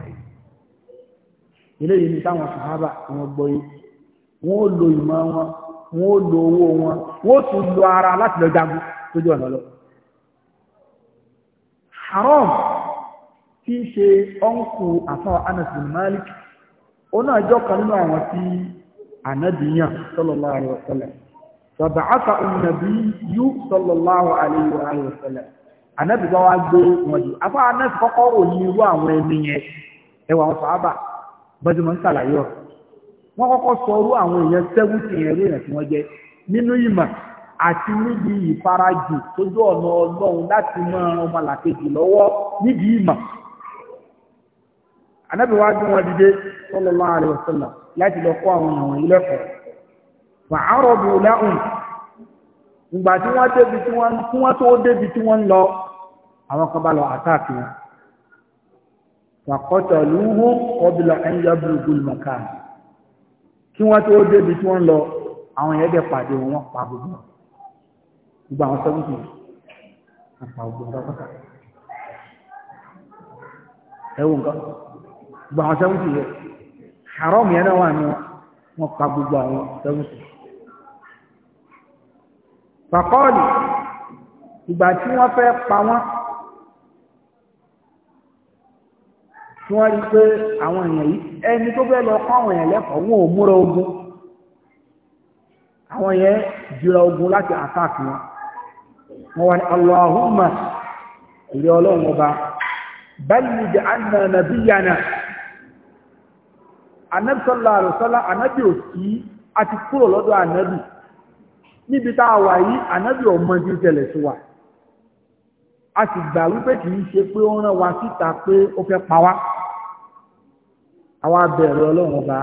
Speaker 1: ní eléyìí ní táwọn sàhábà wọn gbọ́yé wọn ó lo ima wọn wọn ó lo owó wọn wọn tún lo ara láti lọ jagun lójú ọ̀nà lọ. haram tí í ṣe ọ́nkù àfáà Anas Malik ó náà kan nínú àwọn tí ànábìyàn sallallahu alaihi ònàbí yú afọ kọ́kọ́ òyìnbó àwọn ẹni yẹn ẹwà bọ́júmọ́ ń sàlàyé ọ̀ wọ́n kọ́kọ́ sọrú àwọn èèyàn sẹ́wùtì ẹ̀rí èèyàn tí wọ́n jẹ́ nínú ìmọ̀ àti níbi ìfarajì tójú ọ̀nà ọlọ́run láti mọ ọmọ làkejì lọ́wọ́ níbi ìmọ̀ Ànábì wa dún wọn dìde sallallahu alaihi wasallam láti lọ kọ́ àwọn àwọn ilé ẹ̀kọ́ fàárọ̀ bù lẹ́hùn ìgbà tí wọ́n débi tí wọ́n tó débi tí wọ́n lọ àwọn kan bá lọ àtàkì wọn fàkọ́tàlúhùn ọbìlà ẹ̀yàbùrùgùn mọ̀ká kí wọ́n tó débi tí wọ́n lọ àwọn ẹ̀ẹ́dẹ̀ pàdé wọn pa gbogbo gbogbo àwọn sẹ́wọ́ntì àpà gbogbo pátápátá ẹ̀wọ̀n nǹkan gbogbo àwọn sẹ́wọ́ntì yẹ haram gbogbo àwọn sẹ́wọ́ntì fàkọ́ọ̀lì ìgbà tí wọ́n fẹ́ pa wọ́n tí wọ́n rí pé àwọn èèyàn yìí ẹni tó fẹ́ lọ kọ́ àwọn èèyàn lẹ́kọ̀ọ́ wọn ò múra ogun àwọn èèyàn jura ogun láti attack wọn wọn wà ní Allahumma ilé ọlọ́run ọba báyìí jẹ́ àná nàbíyànà ànábì sallallahu alaihi wasallam ànábì ò àti kúrò lọ́dọ̀ ànábì níbi tá a wà yìí ànábì ọmọ tí tẹ̀lẹ̀ sí wa a sì gbà wípé kì í ṣe pé ó rán wa síta pé ó fẹ́ pa wá àwọn abẹ̀rẹ̀ ọlọ́run ọba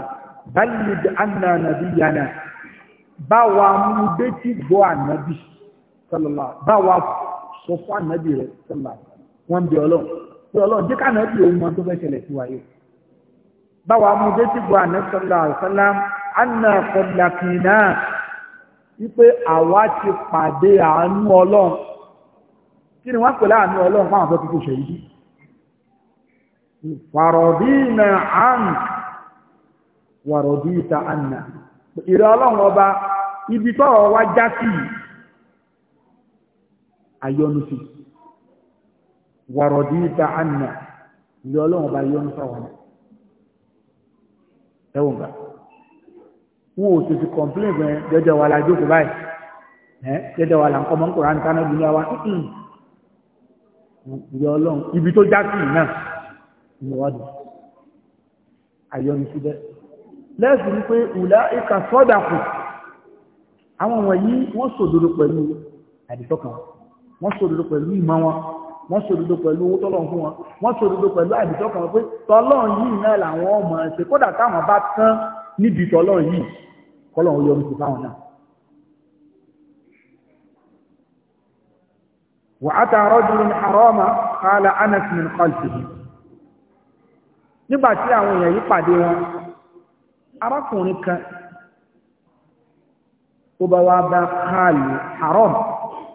Speaker 1: balid anna nàbí yana báwa mú bétí gbọ́ ànábì sọlọ́lá báwa sọ fún ànábì rẹ̀ sọlọ́lá wọ́n bẹ ọlọ́run pé ọlọ́run jẹ́ kánábì òun mọ tó fẹ́ ṣẹlẹ̀ sí wáyé báwa mú bétí gbọ́ ànábì sọlọ́lá sọlọ́lá anna kọ̀dà kìnnà wípé àwa ti pàdé àánú ọlọ́run kí ni wọ́n pè láàánú ọlọ́run fáwọn fẹ́ kúkú ṣèyí fàrọ̀dínà àǹk wàrọ̀dínà àǹnà ìrẹ́ ọlọ́run ọba ibi tọ́rọ̀ wá já sí àyọnu sí wàrọ̀dínà àǹnà ìrẹ́ ọlọ́run ọba yọnu sáwọn ẹwọ̀n gbà wọn ò sì fi complain fún ẹ jẹjẹ wà láì jókòó báyìí ẹ jẹjẹ ibi tó já sí náà ìwádìí àyọni síbẹ̀ lẹ́sìn wípé ìlà ìka sọ́dàkù àwọn wọ̀nyí wọ́n sòdodo pẹ̀lú àdìsọ́kàn wọ́n sòdodo pẹ̀lú ìmọ̀ wọn wọ́n sòdodo pẹ̀lú owó tọ́lọ̀ fún wọn wọ́n sòdodo pẹ̀lú àdìsọ́kàn pé tọ́lọ̀ yìí náà làwọn ọmọ ẹ̀sẹ̀ kódà táwọn bá tán níbi tọ́lọ̀ yìí kọ́lọ̀ ń yọrí sí fáwọn náà. wà á ta rọ́jùlù ní àrọ́ọ̀mà kálá anas min kọ́lùsì yìí nígbà tí àwọn èèyàn yìí pàdé wọn arákùnrin kan ó bá wá bá káàlù haram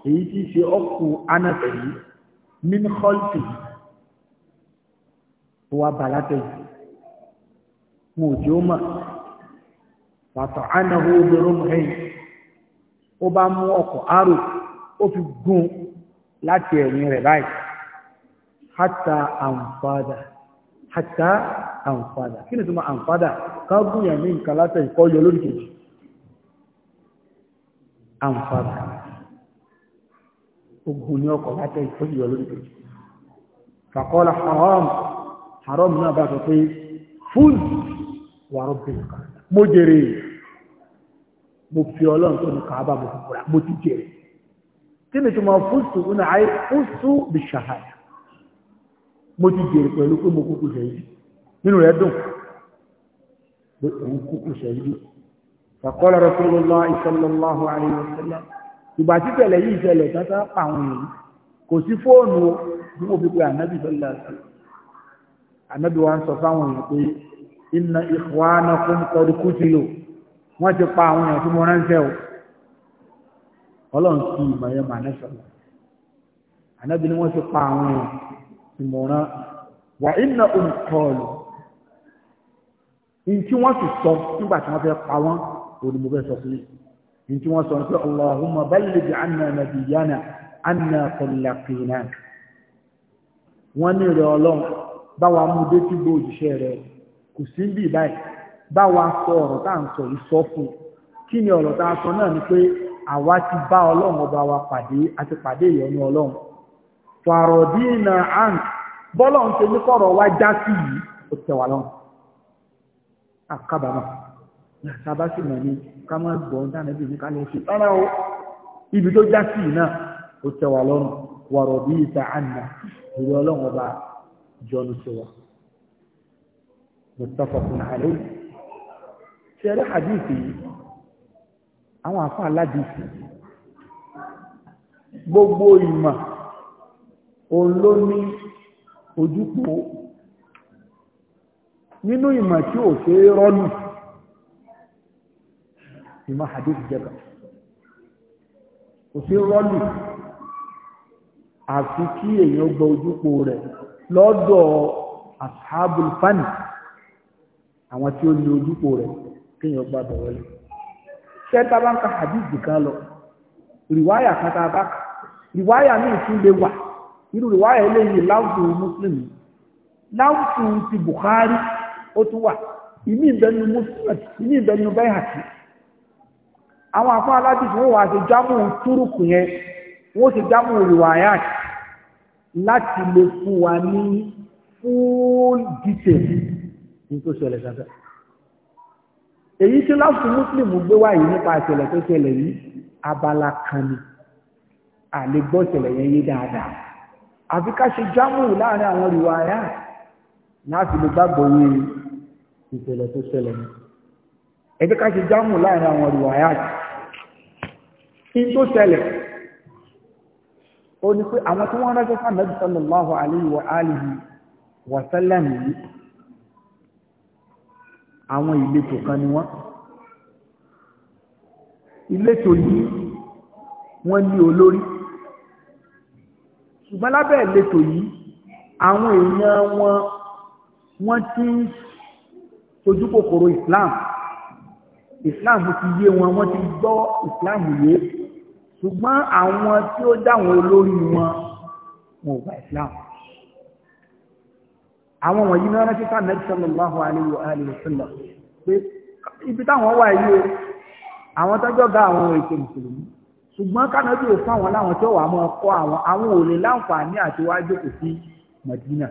Speaker 1: èyí tí í ṣe ọkù anàfẹ yìí min ó wá bá látẹ yìí wọn ò tí ó mọ bá mú ọkọ̀ ó fi gún láti ẹ̀yìn rẹ̀ báyìí hàtà àǹfàdà kí ni tó máa àǹfàdà ká gúnyàn ní nǹkan látẹ̀ ìkọ́yọ lórí kejì àǹfàdà ogun ní ọkọ̀ látẹ̀ ìkọ́yọ lórí kejì fàkọ́lá haram haram náà bá sọ pé fún wàrọ̀ bẹ̀rẹ̀ kan mo jèrè mo fi ọlọ́run tó ní kàábà mo fi kúra mo ti jèrè kí ni tó máa fúsù ní àyè fúsù bí ṣàhàdà mo ti dèrè pẹ̀lú pé mo kúkú ṣẹ̀yí nínú rẹ̀ dùn pé òun kúkú ṣẹ̀yí fàkọ́lá rọ̀tọ́lọ́lá ìṣẹ́lọ́láhù àríwọ̀sẹ́lá ìgbà tí tẹ̀lẹ̀ yìí ṣẹlẹ̀ tátá pàwọn èèyàn kò sí fóònù bí mo fi pe ànábì sọ́lá sí ànábì wa ń sọ fáwọn èèyàn pé inna ikhwanakum qad kutilu wọ́n ti pa àwọn èèyàn tí mo ránṣẹ́ o ọlọ́run kì í mọ̀ ẹ́ mà náà sọ̀rọ̀ ànábì ni wọ́n ti pa àwọn èèyàn ìmọ̀ràn wà iná olùkọ́ọ̀lù in tí wọ́n sì sọ nígbà tí wọ́n fẹ́ pa wọ́n òní mo fẹ́ sọ sí in tí wọ́n sọ pé Allahumma balligh anna nabiyyana anna talaqina wọ́n ní rẹ̀ ọlọ́run báwa mú dé tí gbó òjíṣẹ́ rẹ̀ kò sí bí báyìí báwa sọ ọ̀rọ̀ tá à ń sọ yìí sọ fún kí ni ọ̀rọ̀ tá a sọ náà ni pé àwa ti bá ọlọ́run ọba wa pàdé àti pàdé ìyọ́nú ọlọ́run fàròdínà àn bọ́lọ̀ ń ṣe ní kọ̀rọ̀ wá já sí yìí ó tẹ̀ wá lọ́rùn àkábàámọ̀ yàtàbá sì mọ̀ ní ká má gbọ́n dánàbí ká lè ṣe rárá o ibi tó já sí yìí náà ó tẹ̀ wá chere wàròdí ìta ọlọ́run ọba jọnu hadith yìí àwọn aládìsí gbogbo ìmọ̀ òun ló ní ojúpò nínú ìmọ̀ tí ò ṣe rọ́nù ìmọ̀ hadith ò ṣe rọ́nù kí gba ojúpò rẹ̀ lọ́dọ̀ ashabul fani àwọn tí ó ní ojúpò rẹ̀ kéèyàn gba bọ̀wọ́lé ṣẹ́ta bá ń ka hadith kan lọ kan tá a bá irú ìwáyà eléyìí láwùsù muslim láwùsù ti bukhari ó tún wà ìní ìbẹnu muslim àwọn afọ́ aládìsí wọ́n wà ṣe jámù túrùkù yẹn wọ́n ṣe jámù ìwáyà láti lè fún wa ní full detail ní tó ṣẹlẹ̀ dáadáa èyí tí láwùsù muslim gbé wáyé nípa ìṣẹ̀lẹ̀ tó ni yẹn yé àfi ká ṣe jámù láàrin àwọn ìwà ayá láti lè gbàgbọ́ ní ìṣẹ̀lẹ̀ tó ṣẹlẹ̀ ẹgbẹ́ ká ṣe jámù láàrin àwọn ìwà ayá kí n tó ṣẹlẹ̀ ó ní pé àwọn tí wọ́n rẹ́jọ́ sáà mẹ́bí sallallahu alayhi wa alihi wa sallam yìí àwọn ìletò kan ni wọ́n ìletò yìí wọ́n ní olórí ṣùgbọ́n lábẹ́ ìletò yìí àwọn èèyàn wọn wọ́n ti ń sojú kòkòrò Islam Islam ti yé wọn wọ́n ti gbọ́ Islam yé ṣùgbọ́n àwọn tí ó dáwọn olórí wọn wọn ò gba Islam àwọn wọ̀nyí náà rántí sáà Nabi sallallahu alaihi wa alihi wa sallam pé ibi táwọn wà yìí àwọn tọ́jọ́ ga àwọn ètò mùsùlùmí ṣùgbọ́n kánábì ò fáwọn láwọn tó wà mọ́ kọ́ àwọn àwọn ò lè láǹfààní àti wá jókòó sí Madina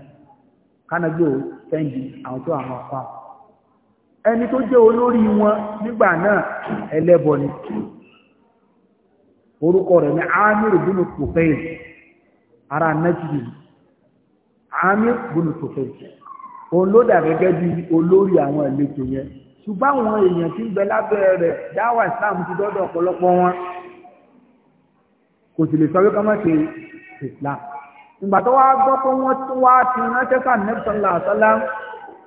Speaker 1: kánábì ò fẹ́ǹdì àwọn tó wà mọ́ kọ́ àwọn. ẹni tó jẹ́ olórí wọn nígbà náà ẹlẹ́bọ ni orúkọ rẹ̀ ní amir bin tufayl ara najdi amir bin tufayl òun ló dà gẹ́gẹ́ bí olórí àwọn ìletò yẹn ṣùgbọ́n àwọn èèyàn tí ń bẹ lábẹ́ rẹ̀ dáwà Islam ti dọ́dọ̀ ọ̀pọ̀lọpọ̀ wọn kò sì lè sọ pé ká má ṣe islam ìgbà tó wá gbọ́ pé wọ́n tún wá ti ránṣẹ́ sáà nẹ́bùsọ̀lá àṣálá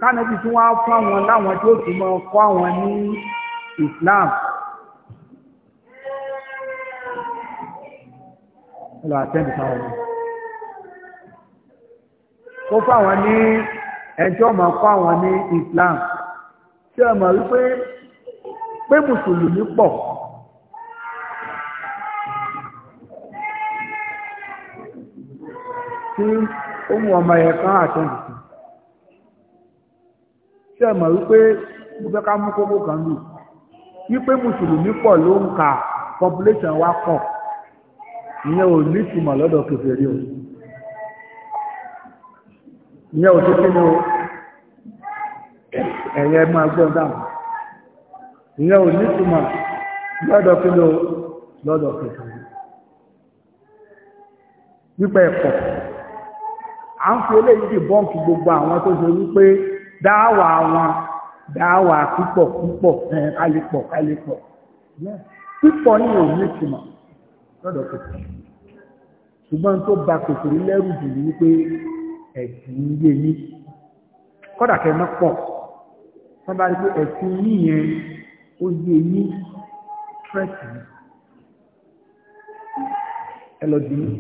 Speaker 1: kánẹ́bì tí wọ́n á fún àwọn láwọn tí ó tún mọ kọ́ àwọn ní islam. lọ àtẹ́ǹdì sáwọn ọmọ ó fún àwọn ní ẹjọ́ mọ̀ kọ́ àwọn ní islam ṣé ẹ wípé pé mùsùlùmí pọ̀ tí ohun ọmọ yẹn kan àtẹ̀ǹdì sí ẹ mọ̀ wípé mo fẹ́ ká mú kókó kan lù wípé ka population wa pọ̀ ìyẹn ò ní ìtumọ̀ lọ́dọ̀ kèfèrí o ìyẹn ò tó kí ni o ẹ̀yẹ máa gbọ́n dáhùn ìyẹn ò ní ìtumọ̀ lọ́dọ̀ kí o lọ́dọ̀ à ń fi eléyìí di bọ́ǹkì gbogbo àwọn tó ṣe wípé dáwà wọn dáwà púpọ̀ púpọ̀ kálípọ̀ kálípọ̀ púpọ̀ ní òun ìtumọ̀ lọ́dọ̀ kòtò ṣùgbọ́n tó ba kòtò lẹ́rù jù ní wípé ẹ̀sìn yé yín kọ́dà kẹ́ mọ́ pọ̀ wọ́n bá rí pé ẹ̀sìn yín yẹn ó yé yín tírẹ̀sì ẹ lọ dì í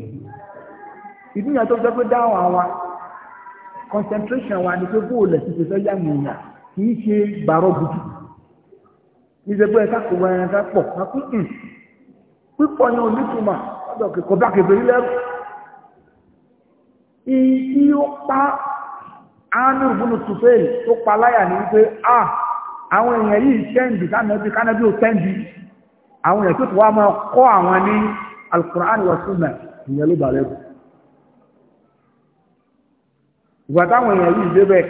Speaker 1: ìdíyàn tó sọ pé dáhùn àwa concentration wa ni pé bóòlù ẹ̀sìn ti fẹ́ yà mí ìyà kì í ṣe gbàrọ̀ gùdù ní ṣe pé ẹ̀ka kò wá ẹran ká pọ̀ ká kú pípọ̀ yẹn ò nítumọ̀ ọ̀dọ̀ kò bá kẹfẹ́ ilé ẹ̀kọ́ ìdí ó pa ánú ìbúnú tùfẹ́ẹ̀lì tó pa láyà ní wípé à àwọn èèyàn yìí ṣẹ́ǹdì kánẹ́bí kánẹ́bí ò ṣẹ́ǹdì àwọn èèyàn tó ti wá máa kọ́ àwọn ní alukur'an wa sunna ìyẹn ló bàlẹ́ bù ìgbà táwọn èèyàn yìí débẹ̀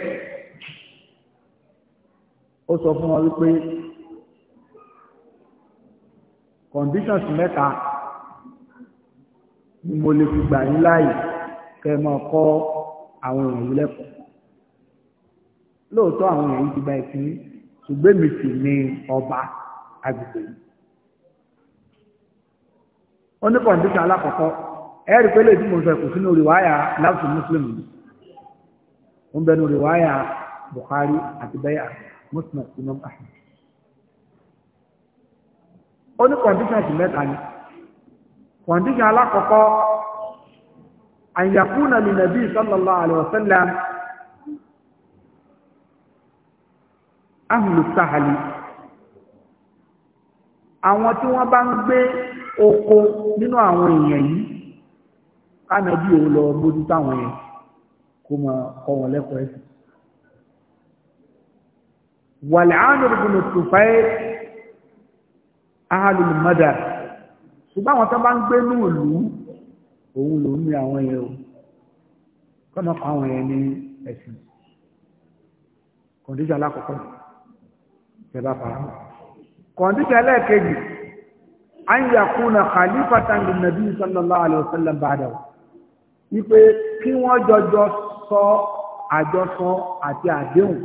Speaker 1: ó sọ fún wọn wípé conditions mẹ́ta ni mo lè fi gbà yín láàyè kẹ́ ẹ máa kọ́ àwọn èèyàn yìí lẹ́kọ̀ọ́ lóòótọ́ àwọn èèyàn yìí ti gba ẹ̀sìn ṣùgbọ́n èmi sì ni ọba agbègbè yìí ó ní condition alákọ̀ọ́kọ́ ẹ̀ẹ́dì pé lè tí mo sọ ẹ̀kọ́ sínú rìwáyà láti muslim yìí ń bẹnu rìwáyà Bukhari àti bẹ́yà Muslim Imam Ahmad ó ní kọ̀ǹdíṣàn ti mẹ́ta ni kọ̀ǹdíṣàn alákọ̀ọ́kọ́ àyàkúnà lè nàbí sallallahu alaihi wasallam ahùlù sahali àwọn tí wọ́n bá ń gbé oko nínú àwọn èèyàn yìí kánàbí òun lọ mójútó àwọn èèyàn kó máa kọ́ wọn lẹ́kọ̀ọ́ ẹ̀sìn. wàlẹ́hánù bùnú tùfáì ahàlùmọ́dà ṣùgbọ́n àwọn tó bá ń gbé ní ìlú òun lòún ní àwọn yẹn o kọ́nà kọ́ àwọn yẹn ní ẹ̀sìn kọ̀ǹdíṣà alákọ̀ọ́kọ́ tẹ bá fara hàn kọ̀ǹdíṣà ẹlẹ́ẹ̀kejì an yakuna khalifatan lin nabi sallallahu alaihi wasallam ba'dahu wípé kí wọ́n jọjọ sọ àjọsọ àti àdéhùn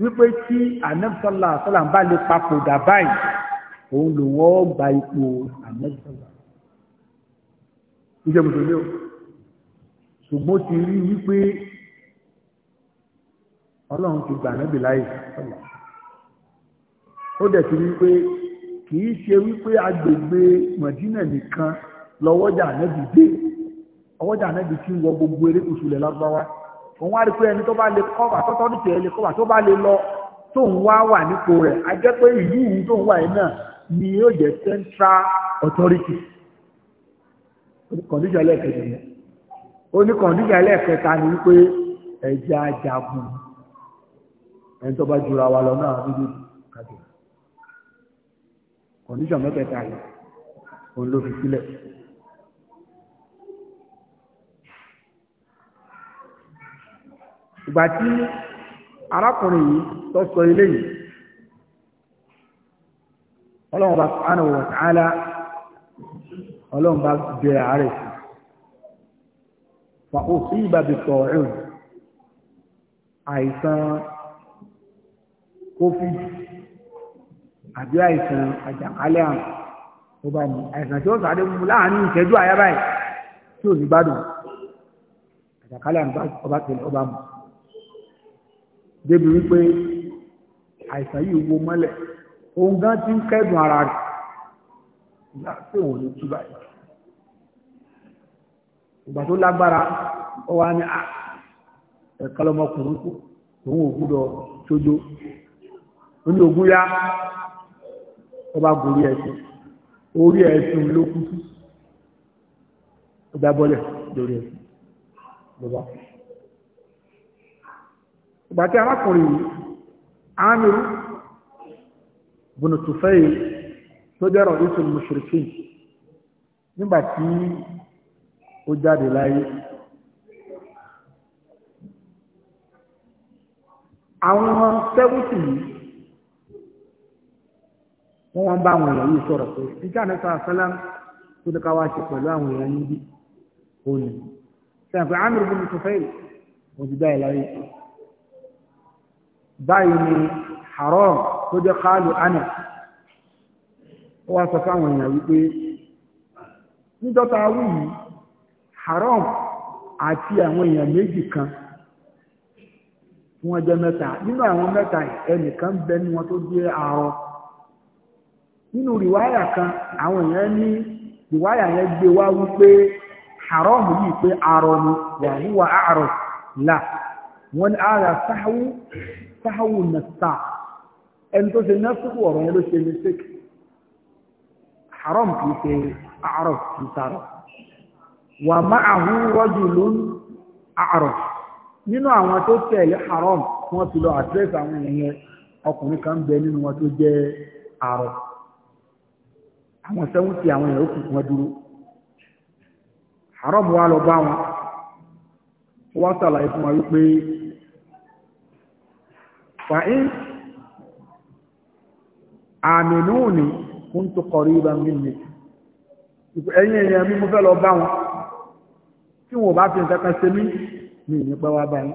Speaker 1: wípé tí ànẹ́bùsọ́là sọ́là ń bá lè papòdà báyìí òun ló wọ́n gba ipò ànẹ́bùsọ́là ìjẹ́ mùsùlùmí o ṣùgbọ́n ti rí wípé ọlọ́run ti gbà ànẹ́bì láyè sọ́là ó dẹ̀ ti rí pé kì í ṣe wípé agbègbè mọ̀dínà nìkan lọ́wọ́jà ànẹ́bì dé ọwọ́jà náà bí tí ń wọ gbogbo erékùsù lẹ̀ lọ́gbọ́wá òun á rí pé ẹni tó bá lè kọ́bà tó tọ́ nìkẹ́ lè kọ́bà tó bá lè lọ tóun wá wà nípò rẹ̀ a jẹ́ pé ìlú yìí tóun wà yìí náà ni yóò jẹ́ central authority kọ̀ndíṣà lẹ́ẹ̀kẹta yẹn ó ní kọ̀ndíṣà lẹ́ẹ̀kẹta ni wípé ẹ̀jẹ̀ ajagun ẹni tó bá jura wa lọ náà níbi kàdùn kọ̀ndíṣà mẹ́tẹ̀ẹ̀ta yìí òun ló fi sílẹ̀. ìgbà tí arákùnrin yìí tó sọ ilé yìí ọlọ́run bá sánà wọ̀ tààlà ọlọ́run bá bẹ ààrẹ sí fa òsì ìbàbí sọ̀rọ̀ àìsàn covid àbí àìsàn àjàkálẹ̀ àrùn tó bá àìsàn tí ó sáré mú láàrin ìṣẹ́jú àyà tí ò ní gbádùn àjàkálẹ̀ àrùn débi wípé àìsàn yìí wo mọ́lẹ̀ òun gan ti ń kẹ́dùn ara rẹ̀ láti òun ní túbà yìí ìgbà tó lágbára ó wá ní ah, ẹ̀ka lọmọkùnrin kù òun ò gbúdọ̀ sójó ó ní ogún yá ó bá gorí ẹ̀sìn orí ẹ̀sìn ló kú sí ó dábọ́lẹ̀ lórí ẹ̀sìn ló bá kú gbàtí arákùnrin yìí amiru bunutufai tó jẹ́ rọ̀lùsùn mùsùlùmí nígbà tí ó jáde láyé àwọn sẹ́wùtì yìí wọ́n wọ́n bá àwọn èèyàn yìí sọ̀rọ̀ pé ìjà nípa àfẹ́lá tó ní ká ṣe pẹ̀lú àwọn èèyàn yìí bí òní sẹ́wọ̀n pé amiru bunutufai òjì bẹ́ẹ̀ láyé báyìí ni haram tó jẹ́ kálù ánà ó wá sọ fáwọn èèyàn wípé níjọ́ta awú yìí haram àti àwọn èèyàn méjì kan tí wọ́n jẹ́ mẹ́ta nínú àwọn mẹ́ta ẹnìkan bẹ ní wọn tó jẹ́ àárọ̀ nínú rìwáyà kan àwọn èèyàn ní rìwáyà yẹn gbé wá wípé haram yìí pé àárọ̀ ni wàhúwà àárọ̀ là wọ́n ní àárọ̀ sáháwú sáháwù na ẹni tó na násìkò ọ̀rọ̀ yẹn ló ṣe mistake haram kìí ṣe àárọ̀ kìí sáárọ̀ wà máàhú rajulun àárọ̀ nínú àwọn tó tẹ̀lé haram wọ́n ti lọ àdírẹ́sì àwọn èèyàn ọkùnrin kan bẹ nínú wọn tó jẹ́ àárọ̀ àwọn sẹ́wọ́n ti àwọn èèyàn ó wọn dúró haram wà lọ bá wọn fa'in àmìnúùnì kún tó kọ̀rí ibà mímì ẹ̀yìn èèyàn mi mú fẹ́ lọ bá wọn tí wọn bá fi nǹkan kan ṣe mí mi nípa wá báyìí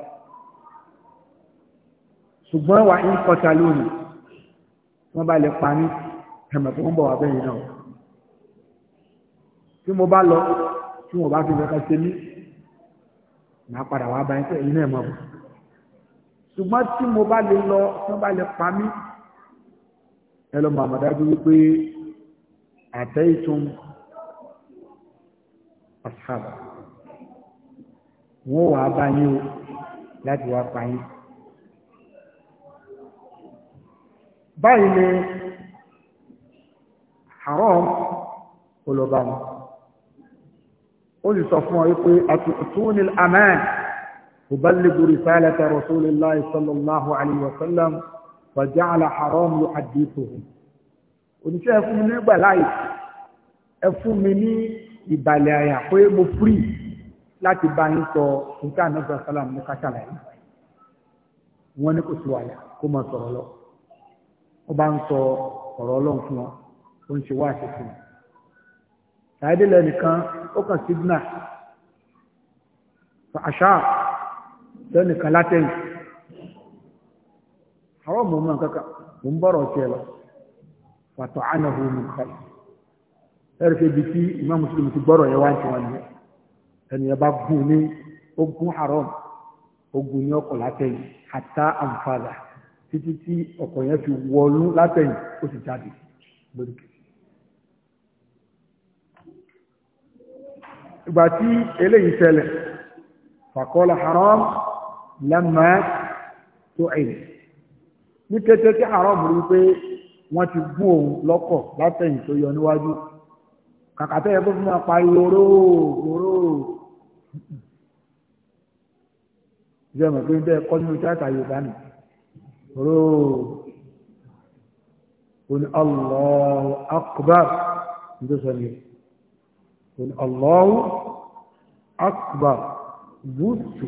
Speaker 1: ṣùgbọ́n wà ń kọta lónìí wọ́n bá lè pa ní ẹ̀mọ̀ tó ń bọ̀ wá bẹ́yìn náà tí mo bá lọ tí wọn bá fi nǹkan kan ṣe mí màá padà wá báyìí pé ẹ̀yin náà mọ̀ bọ̀ ṣùgbọ́n tí mo bá lè lọ tí wọ́n bá lè pa mí ẹ lọ mọ̀ àmọ̀dájú wípé àtẹ́ìtún àṣàbà wọ́n wàá bá yín o láti wá pa yín. báyìí ni haram olùbámu ó sì sọ fún ọ wípé àtúntún ní amẹ́ẹ̀. أبلغ رسالة رسول الله صلى الله عليه وسلم فجعل حرام يحدثهم oníṣẹ́ ẹfún mi nígbà láì ẹfún mi ní ìbàlẹ̀ àyà pé mo fúrì láti bá yín sọ nǹkan ànágbà sálàm ní kásálà yìí wọ́n ní kò sí wàhálà kó máa sọ̀rọ̀ lọ wọ́n bá ń sọ ọ̀rọ̀ ọlọ́run fún wọn ó ń ṣe wá àṣẹ fún wọn. ṣàyẹ́dẹ́lẹ̀ nìkan ó kàn sígínà àṣà lẹ́nìkan látẹ̀yìn àwọn ọmọ ọmọ kankan mò ń bọ̀rọ̀ tiẹ̀ lọ pàtó ànáhùn mi kàlẹ́ ẹ̀rọ fi ibi tí ìmọ̀ mùsùlùmí ti gbọ́rọ̀ yẹn wá ń tiwọn ni ẹnìyẹn bá gùn ní ogun haram ogun ní ọkọ̀ látẹ̀yìn àtà àǹfààdà títí tí ọkọ̀ yẹn fi wọlú látẹ̀yìn ó sì jáde gbòdìkì. ìgbà tí eléyìí ṣẹlẹ̀ fàkọ́lá haram lẹ́mọ̀ tó ẹ̀yìn ní kété tí àárọ̀ burú pé wọ́n ti gún òun lọ́kọ̀ látẹ̀yìn tó yọ níwájú kàkà tó yẹ kó fún wọn pariwo róò róò ìjọ ìmọ̀ pé bẹ́ẹ̀ kọ́ nínú tíátà Yorùbá nì róò òní Allahu akbar nítorí sọ ni òní Allahu akbar bùtù.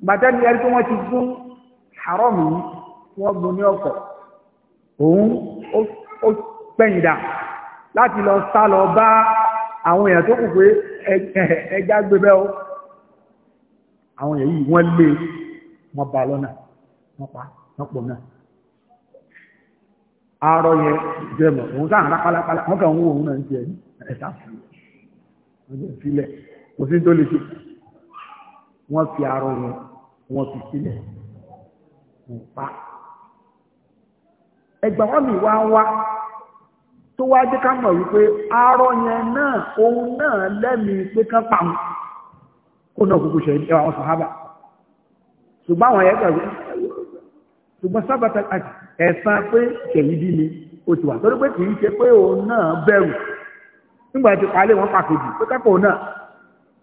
Speaker 1: bàtà ni ẹni tí wọ́n ti gún haram yìí wọ́n gún ní ọkọ̀ òun ó pẹ̀yìn dà láti lọ sá lọ bá àwọn èèyàn tó kù pé ẹja gbé o àwọn èèyàn yìí wọ́n lé wọn bá lọ́nà wọn pa wọn pọ̀ náà àárọ̀ yẹn jẹ́mọ̀ òun sáà ń rá pálápálá wọ́n kàn ń wo òun náà ń jẹ fi àárọ̀ yẹn wọ́n fi sílẹ̀ kò pa. ẹgbà wọn mi wá wá tó wá jẹ́ ká mọ̀ wípé arọ yẹn náà òun náà lẹ́mìí pé kán pa wọn kó náà kúkú ṣe ẹwà wọn sàhábà ṣùgbọ́n àwọn ẹ̀yẹ́ gbàgbé ṣùgbọ́n sábàtà ẹ̀sán pé kẹ̀yìn bí ni o ti wà torí pé kì í ṣe pé òun náà bẹ̀rù nígbà tí palẹ̀ wọn pàkejì pé kápò náà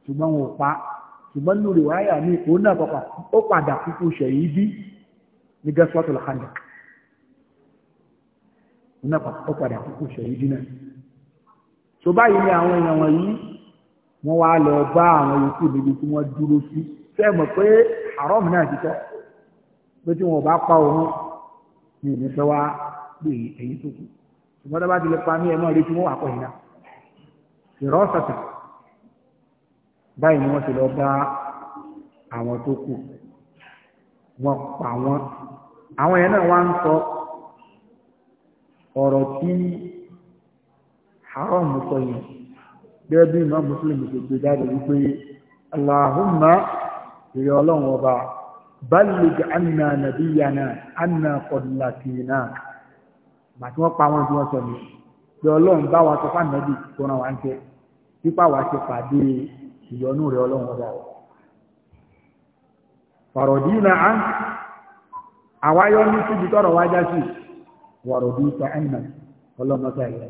Speaker 1: ṣùgbọ́n wọn ò pa á ṣùgbọ́n lórí wáyà ní òun náà pàpà ó padà kúkú ṣẹ̀yí bí ní gẹ́sọ́tò làkàndà òun náà pàpà ó padà kúkú ṣẹ̀yí bí náà tó báyìí ni àwọn èèyàn wọ̀nyí wọ́n wá lọ bá àwọn yòókù níbi tí wọ́n dúró sí fẹ́ mọ̀ pé haram náà ti tọ́ pé tí báyìí ni wọ́n ti lọ bá àwọn tó kù wọ́n pa wọ́n àwọn yẹn náà wá ń sọ ọ̀rọ̀ tí haram sọ yẹn gẹ́gẹ́ bí iná mùsùlùmí ṣe gbé jáde wípé aláhùnmá ìrẹ ọlọ́run ọba balùwẹ̀ anna nàbíyànà anna kọ̀dùlàkìnà bàtí wọ́n pa wọ́n tí wọ́n sọ ní pé ọlọ́run bá wa sọ fún ànábì tó ràn wá ń jẹ pípa wá ti pàdé ìyọnú rẹ̀ ọlọ́run ọba ọ̀ fàrọ̀dí náà àwáyọ́ ní síbi tọ́rọ̀ wá já sí wàrọ̀dí ta ẹ̀nà ọlọ́run ọba ìyá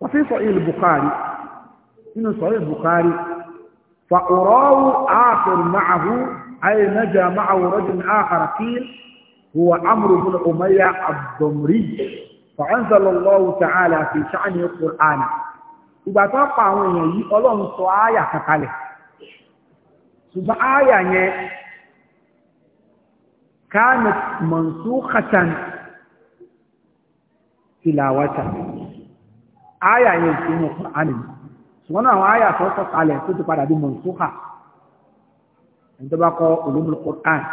Speaker 1: wọ́n fi sọ ìlú Bukhari nínú sọ ìlú Bukhari fa هو عمرو بن أمية الضمري fàánzàlọ lọ́wọ́ tààlà fi ṣáàní kùránì ìgbà tó pa àwọn èèyàn yìí ọlọ́run sọ ááyà kankalẹ̀ ṣùgbọ́n ááyà yẹn kánà mọ̀nsú kàtàn tìlàwátà ááyà yẹn ti mú kùránì ṣùgbọ́n àwọn ááyà tó sọ kalẹ̀ tó ti padà bí mọ̀nsú kà ẹni tó bá kọ́ olómìnir kùránì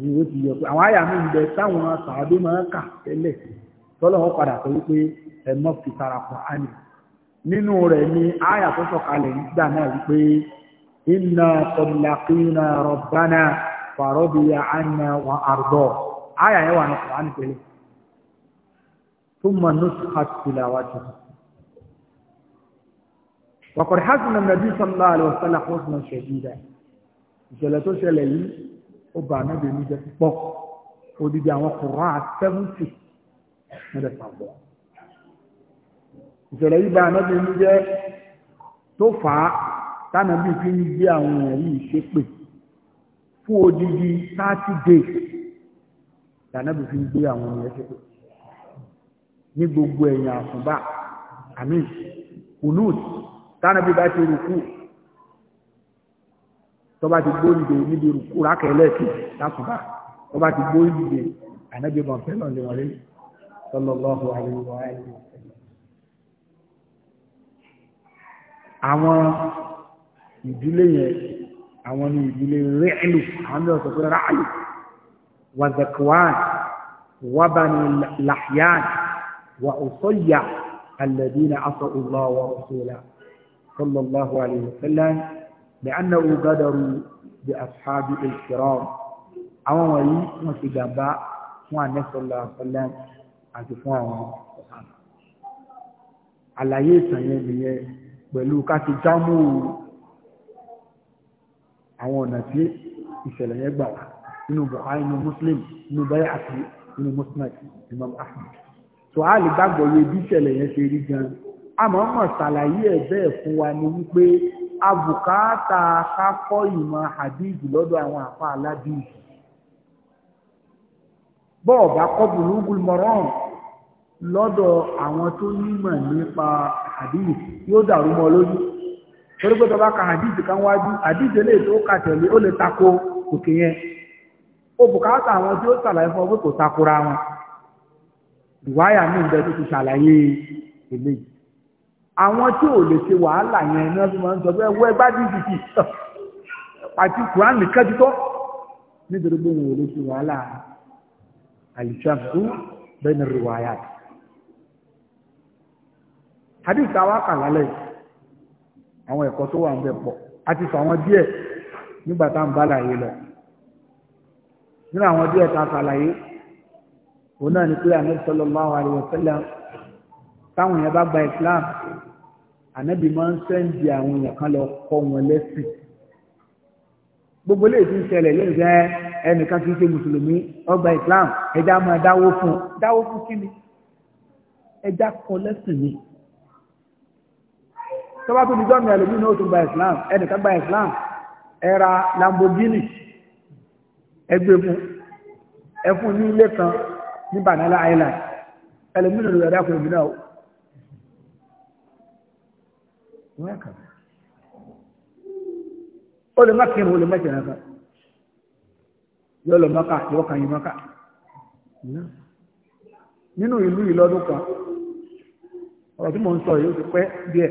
Speaker 1: ni ó ti yẹ pé àwọn ááyà mi ń bẹ táwọn sàádé máa ń kà tẹ́lẹ̀ sí i tọ́lọ̀ wọn padà sọ wípé ẹ mọ́ fi tara Kùránì nínú rẹ̀ ni àyà tó sọ̀kalẹ̀ nígbà náà wípé inna kọ̀lákínà rọ̀bánà fàrọ́bìyà àná wà àrùbọ̀ àyà yẹn wà ní Kùránì pẹ̀lú tó mọ̀ ní sùkàtìlà wájú. وقد حزن النبي صلى الله عليه وسلم حزنا شديدا ìṣẹ̀lẹ̀ tó ṣẹlẹ̀ yìí ó bà náà bèèrè jẹ́ púpọ̀ odidi àwọn kùrán 70 nílẹ̀ papọ̀ ìṣẹ̀lẹ̀ yìí bá anábì ń jẹ́ tó fà á tánàbì fi ń gbé àwọn èèyàn yìí ṣépè fún odidi thirty days tánàbì fi ń gbé àwọn èèyàn ṣépè ní gbogbo ẹ̀yìn àsùnbà àmín kùnúùt tánàbì bá ti rùkú tọ́ba ti gbóyìnbó níbi rùkú rákẹ́lẹ́ẹ̀kì lásùnbà tọ́ba ti gbóyìnbó ànábì bọ̀ fẹ́ràn lé wọn صلى الله عليه وآله وسلم àwọn ìdílé yẹn àwọn ni ìdílé rẹ́ẹ̀lù àwọn ni ọ̀sọ̀ fúnra ráàlù wàzàkùwán wàbàní làhíyàn wà òsọ́yà alẹ́dínà asọ̀ ìlọ́ wa òṣèlá sallallahu alayhi wa sallam لأنه غدروا بأصحاب الكرام àwọn wọ̀nyí wọ́n ti gàmbá fún ànẹ́sọ̀lá sallallahu alayhi wa sallam àti fún àwọn ọ̀sán àlàyé ìtàn yẹn nìyẹn pẹ̀lú ká ti jámù àwọn ọ̀nà tí ìṣẹ̀lẹ̀ yẹn gbà wá nínú Bukhari nínú Muslim nínú bẹ́ẹ̀ àti nínú Musnad Imam Ahmad tó a lè gbàgbọ́ yẹ bí mọ̀rán lọ́dọ̀ àwọn tó nímọ̀ nípa hadith yóò dàrú mọ́ lójú torí pé tọba ka hadith kan wájú hadith lè tó kà tẹ̀lé ó lè tako òkè yẹn ó bùkátà àwọn tí ó ṣàlàyé fún ọ pé kò takora wọn ìwáyà ní ìbẹ́ tó ti ṣàlàyé eléyìí àwọn tí ò lè ṣe wàhálà yẹn ní wọ́n fi máa ń sọ pé ẹwọ́ ẹgbá dìbìtì [LAUGHS] àti Quran nìkan ti tọ́ nítorí pé wọn ò lè ṣe wàhálà àlìṣàfù bẹ́ẹ̀ ni rìwáyà rẹ̀ hadith tá a wá kà lálẹ́ yìí àwọn ẹ̀kọ́ tó wà ń bẹ pọ̀ a ti sọ àwọn díẹ̀ nígbà tá à ń lọ nínú àwọn díẹ̀ tá a òun náà ni pé ànábì sallallahu alaihi wasallam táwọn èèyàn bá gba islam ànábì máa ń sẹ́ǹdì àwọn èèyàn kan lọ kọ́ wọn lẹ́sìn gbogbo lè fi ń ṣẹlẹ̀ lẹ́yìn jẹ́ ẹnìkan kì í ṣe mùsùlùmí ọgbà islam ẹja máa dáwó fún dáwó fún kí ni ẹja kọ́ lẹ́sìn ni tọ́ba tó di gọ́ọ̀nù ẹlòmí náà tún gba Islam ẹnìkan gba Islam ẹra Lamborghini ẹgbẹ́ fún ẹfún ní ilé kan ní Banana Island ẹlòmí náà lọ́dọ̀ ẹ̀dá ẹlòmí náà ó lè má kí ni ó lè má jẹ̀rẹ̀ kan yóò lọ mọ́kà yóò kàn yín mọ́kà nínú ìlú ìlọ́dún kan ọ̀rọ̀ tí mo ń sọ yìí ó ti pẹ́ díẹ̀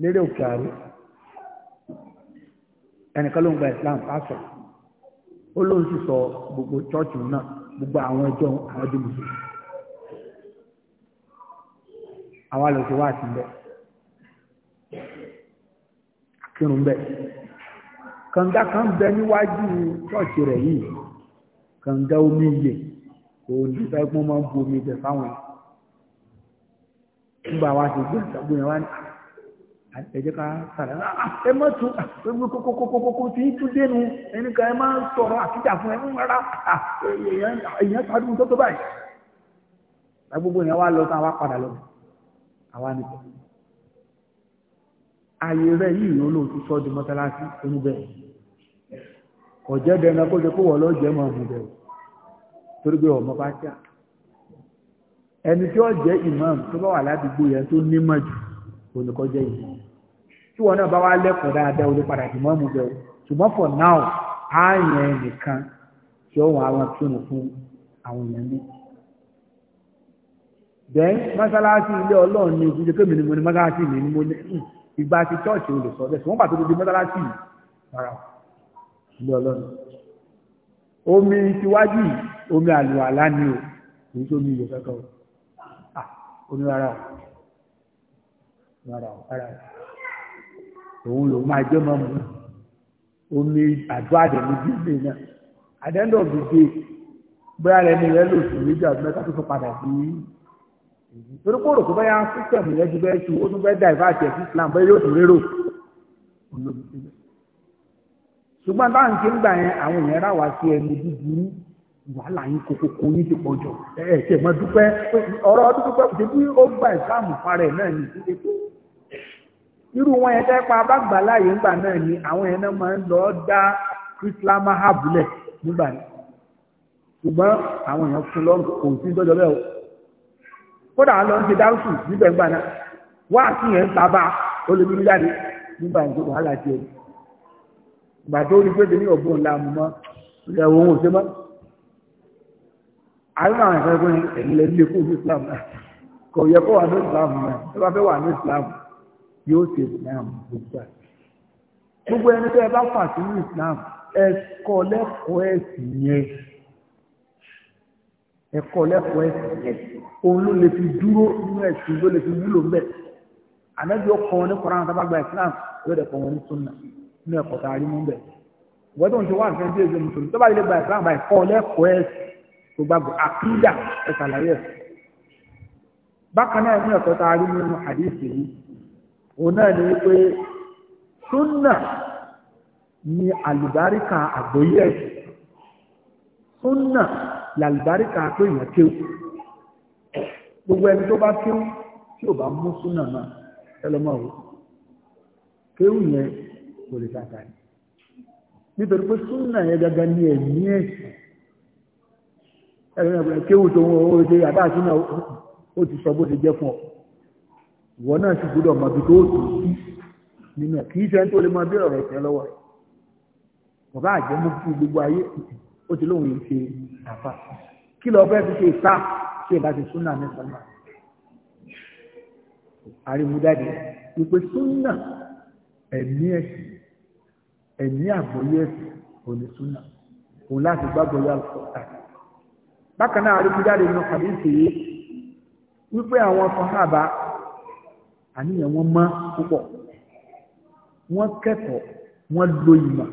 Speaker 1: lérè òkè àrò ẹnìkan ló ń gba Islam pásọ ó ló ń sì sọ gbogbo chọ́ọ̀chì náà gbogbo àwọn ẹjọ́ àwọn ẹjọ́ mùsùlùmí àwa lọ sí wáàsí bẹ́ẹ̀ kírun bẹ́ẹ̀ kànga kan bẹ níwájú chọ́ọ̀chì rẹ̀ yìí kànga omi iye òun ní fẹ́ gbọ́n máa ń bu omi ibẹ̀ fáwọn nígbà wá sí gbé ẹ̀sán yẹn wá ní ẹjẹ ká sàrẹ ah, ah, ẹ má tún ẹgbẹ kókókókókó tí tún dénú ẹni kan ẹ má sọ̀rọ̀ àtijọ́ fún ẹ ń rárá èèyàn ah, sádùn tó tó báyìí gbogbo yẹn wá lọ sí àwa padà lọ àwa nìkan ààyè rẹ yìí ìran olóòtú sọdún mọ́sálásí oníbẹ̀ ọ̀jẹ́ dẹnu kó ṣe kó wọ́n lọ jẹ́ mọ́ ọ̀hún bẹ̀rù torí pé ọmọ bá tíà ẹni tí ó jẹ́ imam tó bá wà ládùúgbò yẹn tó nímọ̀ jù olùkọ́ jẹ́ yìí tí wọn náà bá wá lẹ́kọ̀ọ́ dáadáa olè padà dì mọ́mú bẹ́ẹ̀ ṣùgbọ́n for now á yàn nìkan tí ó wọn àwọn kírun fún àwọn èèyàn ní. bẹ́ẹ̀ mọ́sálásí ilé ọlọ́run ní ìdíje kémi ni mo ní mọ́sálásí mi ni mo ní hmm, ìgbà tí chọ́ọ̀chì olè sọ bẹ́ẹ̀ ṣùgbọ́n pàtó di mọ́sálásí rárá ilé ọlọ́run. omi tiwájú omi àlùwàlá ni o kì í ṣe omi ìyẹ̀fẹ́ kan o ah, omi rárá o rárá o rárá o òun lòun máa jẹ́ mọ́ mu omi àdó àdẹ̀mí bíbélì náà àdẹ́ńdọ̀ gbèdé bóyá rẹ ni rẹ lò sí méjì àti mẹ́ta tó tún padà sí èyí torí kó rò pé bóyá sísẹ̀mù rẹ ti bẹ́ẹ̀ tu ó tún bẹ́ẹ̀ dàìfà àti ẹ̀sìn Islam bóyá yóò tún rérò ṣùgbọ́n táwọn ti ń gbà yẹn àwọn èèyàn rà wá sí ẹni búburú wàhálà yín kokoko yín ti pọ̀jọ ẹ̀ ẹ̀ tẹ̀ mọ́ dúpẹ́ ọ̀rọ̀ dúpẹ́ kò sí ó gba ìsáàmù parẹ̀ náà ní ìdílé tó irú wọn yẹn tẹ́ pa abágbà láàyè ńgbà náà ni àwọn yẹn náà máa ń lọ dá kírísílá máhàbù lẹ̀ nígbà yẹn ṣùgbọ́n àwọn èèyàn fún lọ́rùn kò sí dọ́jọ́ bẹ́ẹ̀ o kódà lọ ń ṣe dáhùsù níbẹ̀ ńgbà náà wá sí yẹn ń sábà ó lè bínú jáde nígbà yẹn tó wàhálà tiẹ̀ ìgbà tó rí pé tèmi ọ̀gbọ́n ńlá mu mọ́ ìrẹ̀ òun ò ṣe mọ́ àwọn àwọn ìfẹ́ fún ẹ̀yìn lẹ́nu Islam náà kò yẹ kó Islam náà tó bá Islam yóò ṣe islam gbogbo àti gbogbo ẹni tó ẹ bá fà sínú islam ẹ̀kọ́ lẹ́kọ̀ọ́ ẹ̀sìn yẹn ẹ̀kọ́ lẹ́kọ̀ọ́ ẹ̀sìn yẹn òun ló lè fi dúró nínú ẹ̀sìn ló lè fi wúlò mbẹ ànábi ọkọ ní koran àti abagba islam yóò dẹ̀ wọn ní sunna nínú ẹ̀kọ́ tá a rí mú mbẹ wọ́n tó ń ṣe wá nǹkan bí èzè mùsùlùmí tó bá yẹ gba islam báyìí kọ́ lẹ́kọ̀ọ́ ẹ̀sìn tó gbàgbọ́ àkídà ẹ̀sàlàyé ẹ̀sìn bákan náà nínú tá a rí mú nínú hadith òun náà ni pé súnà ni àlùbáríkà àgbóyé ẹ̀sìn súnà làlùbáríkà pé èèyàn kéwù gbogbo ẹni tó bá kéwù tí ò bá mú súnà náà ẹlọmọ òun kéwù yẹn kò lè dáadáa ni nítorí pé súnà yẹn gangan ní ẹ̀mí ẹ̀sìn ẹ̀rọ ìrìnàjò kéwù tó ń wọ owó ṣe àti náà ó ti sọ bó ṣe jẹ́ fún ọ ìwọ náà sì gbọ́dọ̀ mọ ibi tó tù sí nínú ẹ̀ kì í ṣe ẹni tó lè mọ bí ọ̀rọ̀ ẹ̀tẹ́ lọ́wọ́ ẹ̀ bàbá àjẹ́ mú fún gbogbo ayé ó ti lóun yìí ṣe àfà kí lọ fẹ́ fi ṣe ìta ṣe ìbá ti súnà nípa náà àríwúdáde ìpè súnà ẹ̀mí ẹ̀sìn ẹ̀mí àgbọ́yé ẹ̀sìn òní súnà òun láti gbàgbọ́ yà lọ́kọ̀ọ́ta bákan náà àríwúdáde nínú kàdé ìṣèyí wípé àwọn sàhábà àníyàn wọn mọ́ púpọ̀ wọ́n kẹ́kọ̀ọ́ wọ́n lo ìmọ̀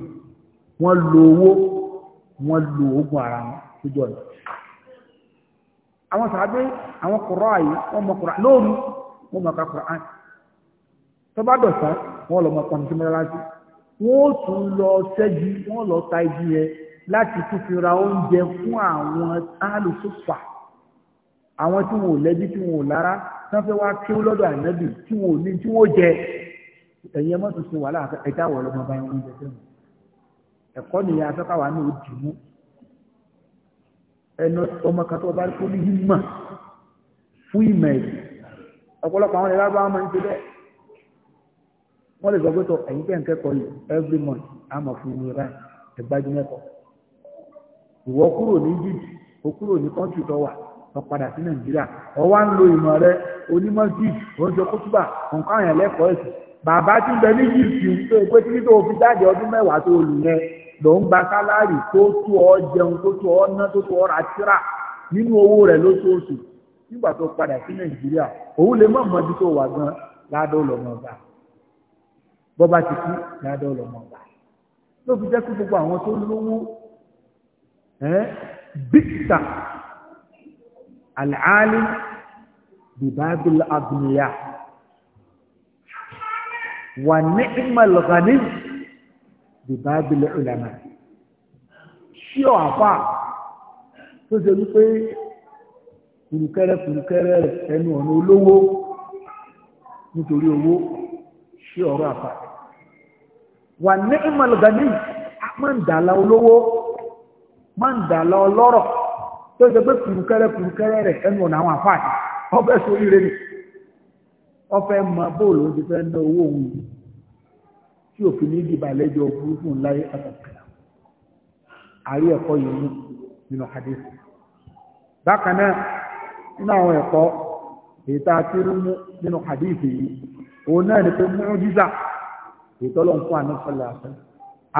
Speaker 1: wọ́n lo owó wọ́n lo ogun ara wọn lójú ọ̀nà àwọn sàábé àwọn kọ̀rọ̀ àyè wọ́n mọ kọ̀rọ̀ lóòrù wọ́n mọ ká kọ̀rọ̀ àyè tó bá dọ̀sá wọ́n lọ mọ pọnmi tó mọ́ra láti ó tún lọ ṣẹ́jú wọ́n lọ ta igi yẹn láti tún fi ra oúnjẹ fún àwọn alùsùfà àwọn tí wọn ò lẹ́bí tí wọn ò lára tán fẹ́ wá kí ó lọ́dọ̀ ànábì tí wọn ò ní tí wọn ò jẹ ẹ̀yin ẹmọ́ tuntun wà láàfẹ́ ẹ̀dá wọ̀ lọ́mọ bá yín jẹ fẹ́ràn ẹ̀kọ́ nìyẹn afẹ́káwá náà ó dì mú ẹnu ọmọ kan tó bá rí fún ìmọ̀ fún ìmọ̀ ẹ̀dì ọ̀pọ̀lọpọ̀ àwọn ẹ̀rọ bá máa ń ṣe bẹ́ẹ̀ wọ́n lè sọ pé tọ ẹ̀yin tẹ̀ ń kẹ́kọ̀ọ́ yìí every month a mọ̀ fún mi rà ẹ̀gbájú mẹ́kọ̀ọ́ ìwọ kúrò ní Egypt ó kúrò ní kọ́ńtì tó wà lọ padà sí nàìjíríà ọwá ń lo ìmọ̀ rẹ onímọ̀ jíìp oúnjẹ kótóbà nǹkan àyàn lẹ́kọ̀ọ́ ẹ̀sìn bàbá tí ń bẹ ní jíìpì ń pé pé títí tó fi jáde ọdún mẹ́wàá tó lù yẹn ló ń gba sálárì tó tó ọ jẹun tó tó ọ ná tó tó ọ ra tíra nínú owó rẹ lóṣooṣù nígbà tó padà sí nàìjíríà òun lè mọ̀ mọ́jú tó wà gan ládọ́ ọlọ́mọba bọ́ba ti kú ládọ́ ọlọ́mọba ló fi jẹ́ kí gbogbo àwọn tó lówó bíkítà العالم بباب الأغنياء ونعم الغني بباب العلماء ṣí ọ̀fà tó ṣe wípé kùrùkẹ́rẹ́ kùrùkẹ́rẹ́ rẹ̀ ẹnu ọ̀nà olówó nítorí owó ṣí ọ̀rọ̀ àfà wà ní ìmọ̀lùgàní máa ń dàlá olówó máa ń dàlá ọlọ́rọ̀ tó ṣe pé kùrùkẹ́rẹ́ kùrùkẹ́rẹ́ rẹ̀ ẹnu ọ̀nà àwọn àfáà ọbẹ̀ sórí rẹ̀ ni ọfẹ́ mọ bóòlù ti fẹ́ ná owó òun tí òfin ní ìdìbà lẹ́jọ́ burúkú láyé àtàkùnà àrí ẹ̀kọ́ yìí nínú hadith bákan náà nínú àwọn ẹ̀kọ́ ètà tí ó mú nínú hadith yìí òun náà ni pé mu'jiza ètò ọlọ́run fún ànáfẹ́lẹ́ àfẹ́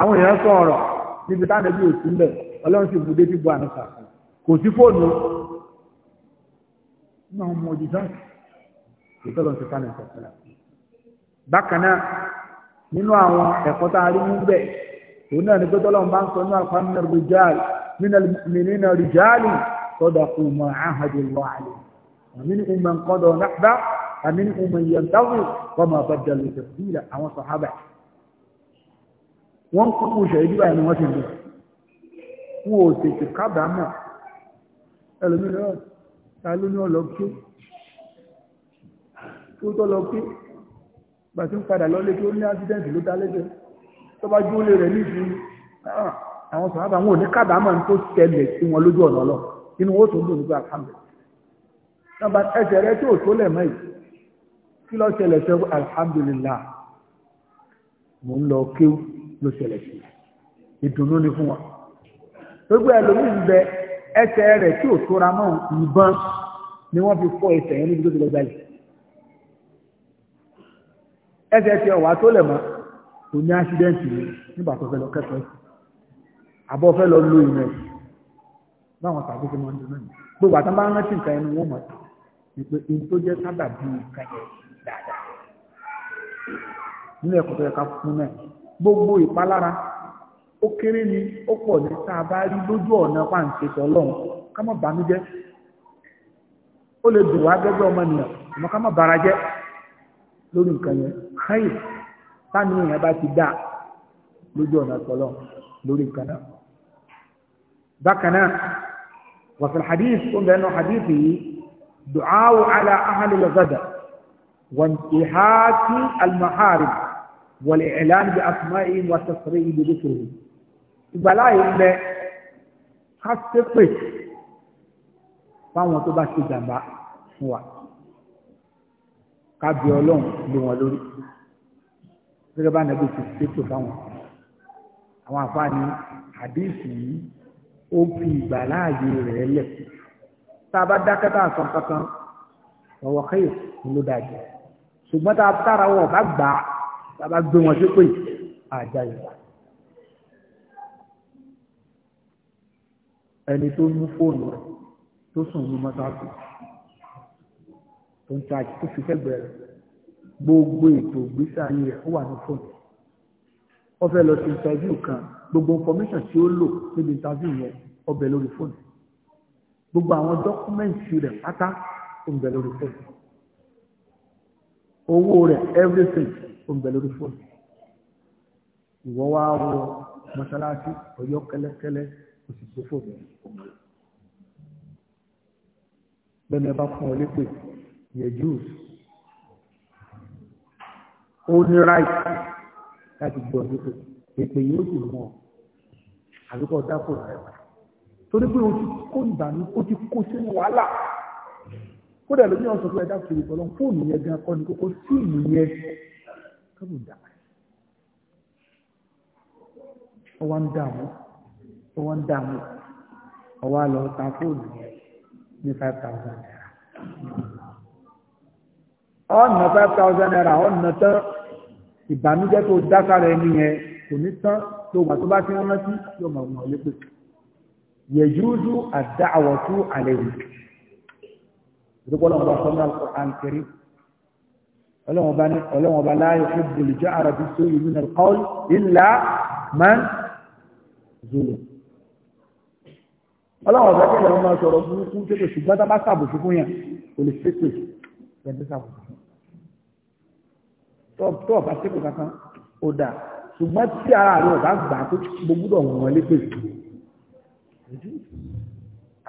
Speaker 1: àwọn èèyàn sọ̀rọ̀ níbi táwọn ẹbí òsínbẹ̀ kò sí fóònù náà mọ̀ òjìjá ìtọ́lọ̀ ti kálẹ̀ ìtọ́sílẹ̀ bákan náà nínú àwọn ẹ̀kọ́ tá a rí mú bẹ̀ òun náà ni pé tọ́lọ̀ bá ń sọ ní àpá nínú rìjáàlì nínú rìjáàlì sọ́dọ̀ wọ́n máa ṣe ìdíbà ni wọ́n ti lò wọn ò kábàámọ̀ ẹlòmíràn ah, ta ló ní ọlọ́kí tó tọ́ lọ pé gbà tí ń padà lọ́lé tó ní accident ló dá lẹ́jọ́ tó bá jú olè rẹ̀ ní ìlú ah, àwọn sàábà wọn ò ní kábàámọ̀ tó ṣẹlẹ̀ sí wọn lójú ọ̀nà lọ inú wọn tó ń dùn nígbà kàmbẹ̀ nàbà ẹsẹ̀ rẹ tí ò tó lẹ̀ mọ́ yìí kí lọ ṣẹlẹ̀ sẹ́ alhamdulillah mò ń lọ kéw ló ṣẹlẹ̀ sí ìdùnnú ni fún wa gbogbo ẹlòmíì ń bẹ ẹsẹ̀ rẹ̀ tí ò tóra mọ́ ìbọn ni wọ́n fi fọ́ ẹsẹ̀ yẹn níbi tó ti lọ gbalẹ̀ ẹsẹ̀ tí ọ̀wà tó lẹ̀ mọ́ kò ní ásídẹ́ǹtì rẹ̀ nígbà tó fẹ́ lọ kẹ́kọ̀ọ́ ẹ̀sìn àbọ̀ fẹ́ lọ lo ìmọ̀ ẹ̀sìn báwọn tàbí ti máa ń dúró yìí gbogbo àtàn bá ń rántí nǹkan ẹni wọ́n mọ̀ ní pé ohun tó jẹ́ sábà bí nǹkan
Speaker 2: yẹn dáadáa
Speaker 1: nínú ẹ̀kọ́ tó fún náà gbogbo ìpalára ó kéré ni ó pọ̀ ní tá a bá rí lójú ọ̀nà pàǹtí tọ́lọ́run ká má bànújẹ́ ó lè dùn wá gẹ́gẹ́ ọmọnìyàn àmọ́ ká má bara jẹ́ lórí nǹkan yẹn káyè táni èèyàn bá ti dá lójú ọ̀nà tọ́lọ́run lórí nǹkan náà. bákan náà wàsàn hadith ó ń bẹ́ẹ̀ náà hadith yìí du'awu ala ahli al-ghada wa intihaki al-maharib wal-i'lan bi asma'ihim wa tasrihi bi dhikrihim ìgbàláyé ń bẹ ká ṣépè fáwọn tó bá ṣe jàǹbá fún wa ká bí ọlọ́run lé wọn lórí gẹ́gẹ́ bá nàbí ti ṣépè fáwọn àwọn àfáàní àdéhùn yìí ó fi ìgbàláyé rẹ̀ lẹ̀ tá a bá dákẹ́ tá a sọ kankan ọwọ́ kéè ló dájú ṣùgbọ́n tá a tára wọn ọ̀gá gbà á tá a bá gbé wọn ṣépè àjà ìgbà. ẹni tó mú fóònù rẹ̀ tó sùn ní mọ́tàkù tó ń taàjì tó fi fẹ́gbẹ̀ẹ́ rẹ̀ gbogbo ètò ìgbésí ayé rẹ̀ ó wà ní fóònù ó fẹ́ lọ sí interview kan gbogbo information tí ó lò níbi interview yẹn ó bẹ lórí fóònù gbogbo àwọn dọ́kúmẹ́ǹtì rẹ̀ pátá ó ń bẹ lórí fóònù owó rẹ̀ everything ó ń bẹ lórí fóònù ìwọ wá wọ mọ́sálásí ọ̀yọ́ kẹ́lẹ́kẹ́lẹ́ ó sì gbé fóònù ọmọ rẹ̀ bẹ́ẹ̀ni ẹ bá fún ọ lépè yẹ jùs ó ní ráìtì láti gbé ọ lépè èpè yóò sì mọ àbíkọ dápò rẹ torí pé o ti kó ìbànú o ti kó sínú wàhálà kódà lómi ọ̀sán tó ẹ̀dá kiri bọ̀lọ́ fóònù yẹn gan kọ́ ni kókó síìmù yẹn kábò dà wá ń dààmú tí wọ́n ń dààmú ọwọ́ àlọ́ ta fóònù yẹn ní five thousand naira. ọ̀nà five thousand naira ọ̀nà tán ìbànújẹ́ tó dákàrà ẹni yẹn kò ní tán tó wà tó bá ti rán sí yóò máa wọ̀n lépè. yẹ̀jújú àdá àwọ̀tú àlẹ́ yìí. ìdókòwò ọ̀rọ̀ sọ́nà àǹkẹ́rì. ọlọ́wọ́n bá ní ọlọ́wọ́n bá láàyè fún bòlìjọ́ àràbí sóyè nínú ẹ̀kọ́ ìlà máa ń zòlò ọlọ́run ọ̀sẹ̀ kẹlẹ̀ ọmọ sọ̀rọ̀ burúkú tètè ṣùgbọ́n tá bá ṣàbòsí fún yàn kò lè ṣépè ẹ̀dẹ́ ṣàbòsí fún tó ọ̀bá ṣépè kankan ó dà ṣùgbọ́n tí ara rẹ̀ ọ̀bá gbà tó gbogbo ọ̀hún wọn lépè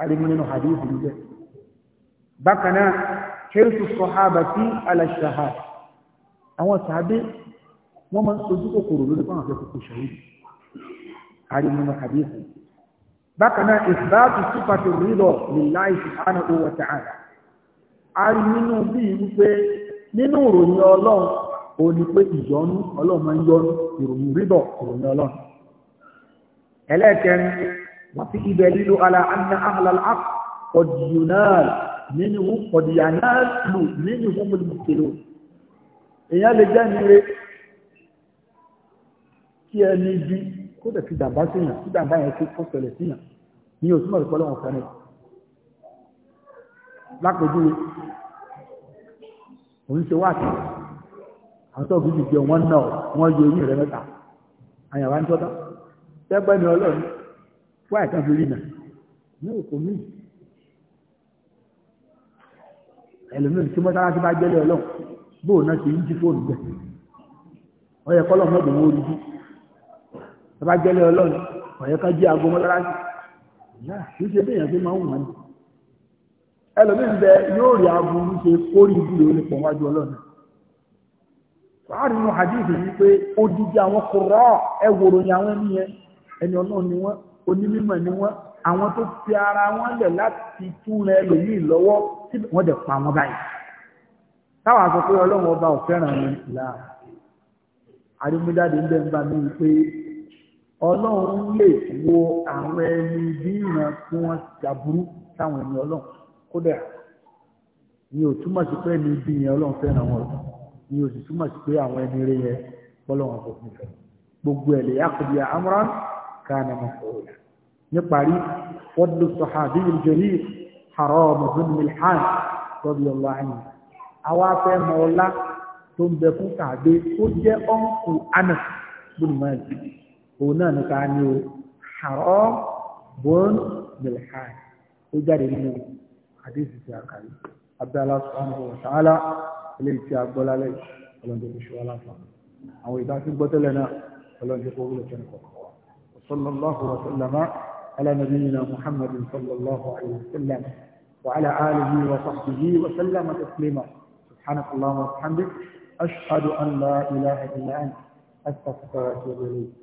Speaker 1: arimu nínú hadith yìí jẹ́ bákan náà kérésù sọ̀hábà sí aláṣàhà àwọn sàábé wọ́n máa ń sojú kòkòrò lórí fáwọn akẹ́kọ̀ọ́ bákan náà ìfàtù sípàtì rídọ̀ lillahi subhanahu wa ta'ala a rí nínú bí wípé nínú ìròyìn ọlọ́run ò ní pé ìyọnu ọlọ́run máa ń yọnu ìròyìn rídọ̀ ìròyìn ọlọ́run ẹlẹ́ẹ̀kẹrin wọ́n fi ibẹ̀ lílo ala anna ahlal haq qodiyanal nínú qodiyanal lù nínú fúnmùlùmùkèlò èèyàn lè jẹ́ nire kí ẹni bíi kó dẹ̀ fi dàbá sí yàn tí dàbá yẹn ti kó ṣẹlẹ̀ sí yàn ní o túmọ̀ ìpọ́lọ́ wọn fẹ́rẹ̀ lápòjúwe òun ṣe wáàtì àwọn tó gbìyànjú jẹun wọn náà wọn yọ eyín rẹ mẹ́ta àyàwó ń tọ́tà tẹ́gbẹ́ ni ọlọ́run fún àìsàn fi rí nà ní òkò míì ẹlòmíràn tí mọ́sálásí bá gbẹ́lẹ̀ ọlọ́run bóun náà ti ń jí fóònù gbẹ ọ yẹ kọ́lọ́ mọ́tò wọn ó rí bí. bàbá jẹ́lẹ̀ ọlọ́run ọ̀yẹ́ ká jí aago mọ́sálásí kì í ṣe bẹ́ẹ̀ yẹn fi máa ń wọ̀n ẹlòmí bẹ yóò rí aago ní ṣe kórì ìdílé olè wájú ọlọ́run. fàárínú hadithi yìí pé odidi àwọn àwọn ẹni yẹn ẹni ni wọ́n onímọ̀ ni wọ́n àwọn tó fi ara wọn lẹ̀ láti tún rẹ lọ́wọ́ tí wọ́n dẹ̀ pa wọn báyìí. táwọn ọlọ́run lè wo àwọn ẹni bí ìran tí wọ́n jàbúrú táwọn ẹni ọlọ́run kódà ni ò túmọ̀ sí pé ní ibi yẹn ọlọ́run fẹ́ràn wọn ni ò sì túmọ̀ sí pé àwọn ẹni rẹ yẹn bọ́lọ́run kò fún fẹ́ gbogbo ẹ̀ lè yàkùbí àmúra káàna mọ̀ ọ̀la níparí fọ́dún sọ̀hábí ìjọrí àrọ́ ọmọdún milhan tọ́bi ọlọ́ àyìn àwa fẹ́ mọ ọlá tó ń bẹ fún kàdé ó jẹ́ ọ̀nkù anas bùnmọ́ ẹ̀ òun náà nípa ni o àrọ́ bọ́ọ̀n bilhaj ó jáde nínú àdéhùn ti àkàrí abdallah subhanahu wa ta'ala eléyìí tí a gbọ́ lálẹ́ ọlọ́dún tó ṣe wá láǹfààní àwọn ìbá tí gbọ́ tẹ́lẹ̀ náà ọlọ́dún tó wúlò tẹ́lẹ̀ kọ̀ọ̀kan wa sallallahu wa sallama ala nabiyyina muhammadin sallallahu alayhi wa sallam wa ala alihi wa sahbihi wa sallama taslima subhanaka allahumma wa bihamdik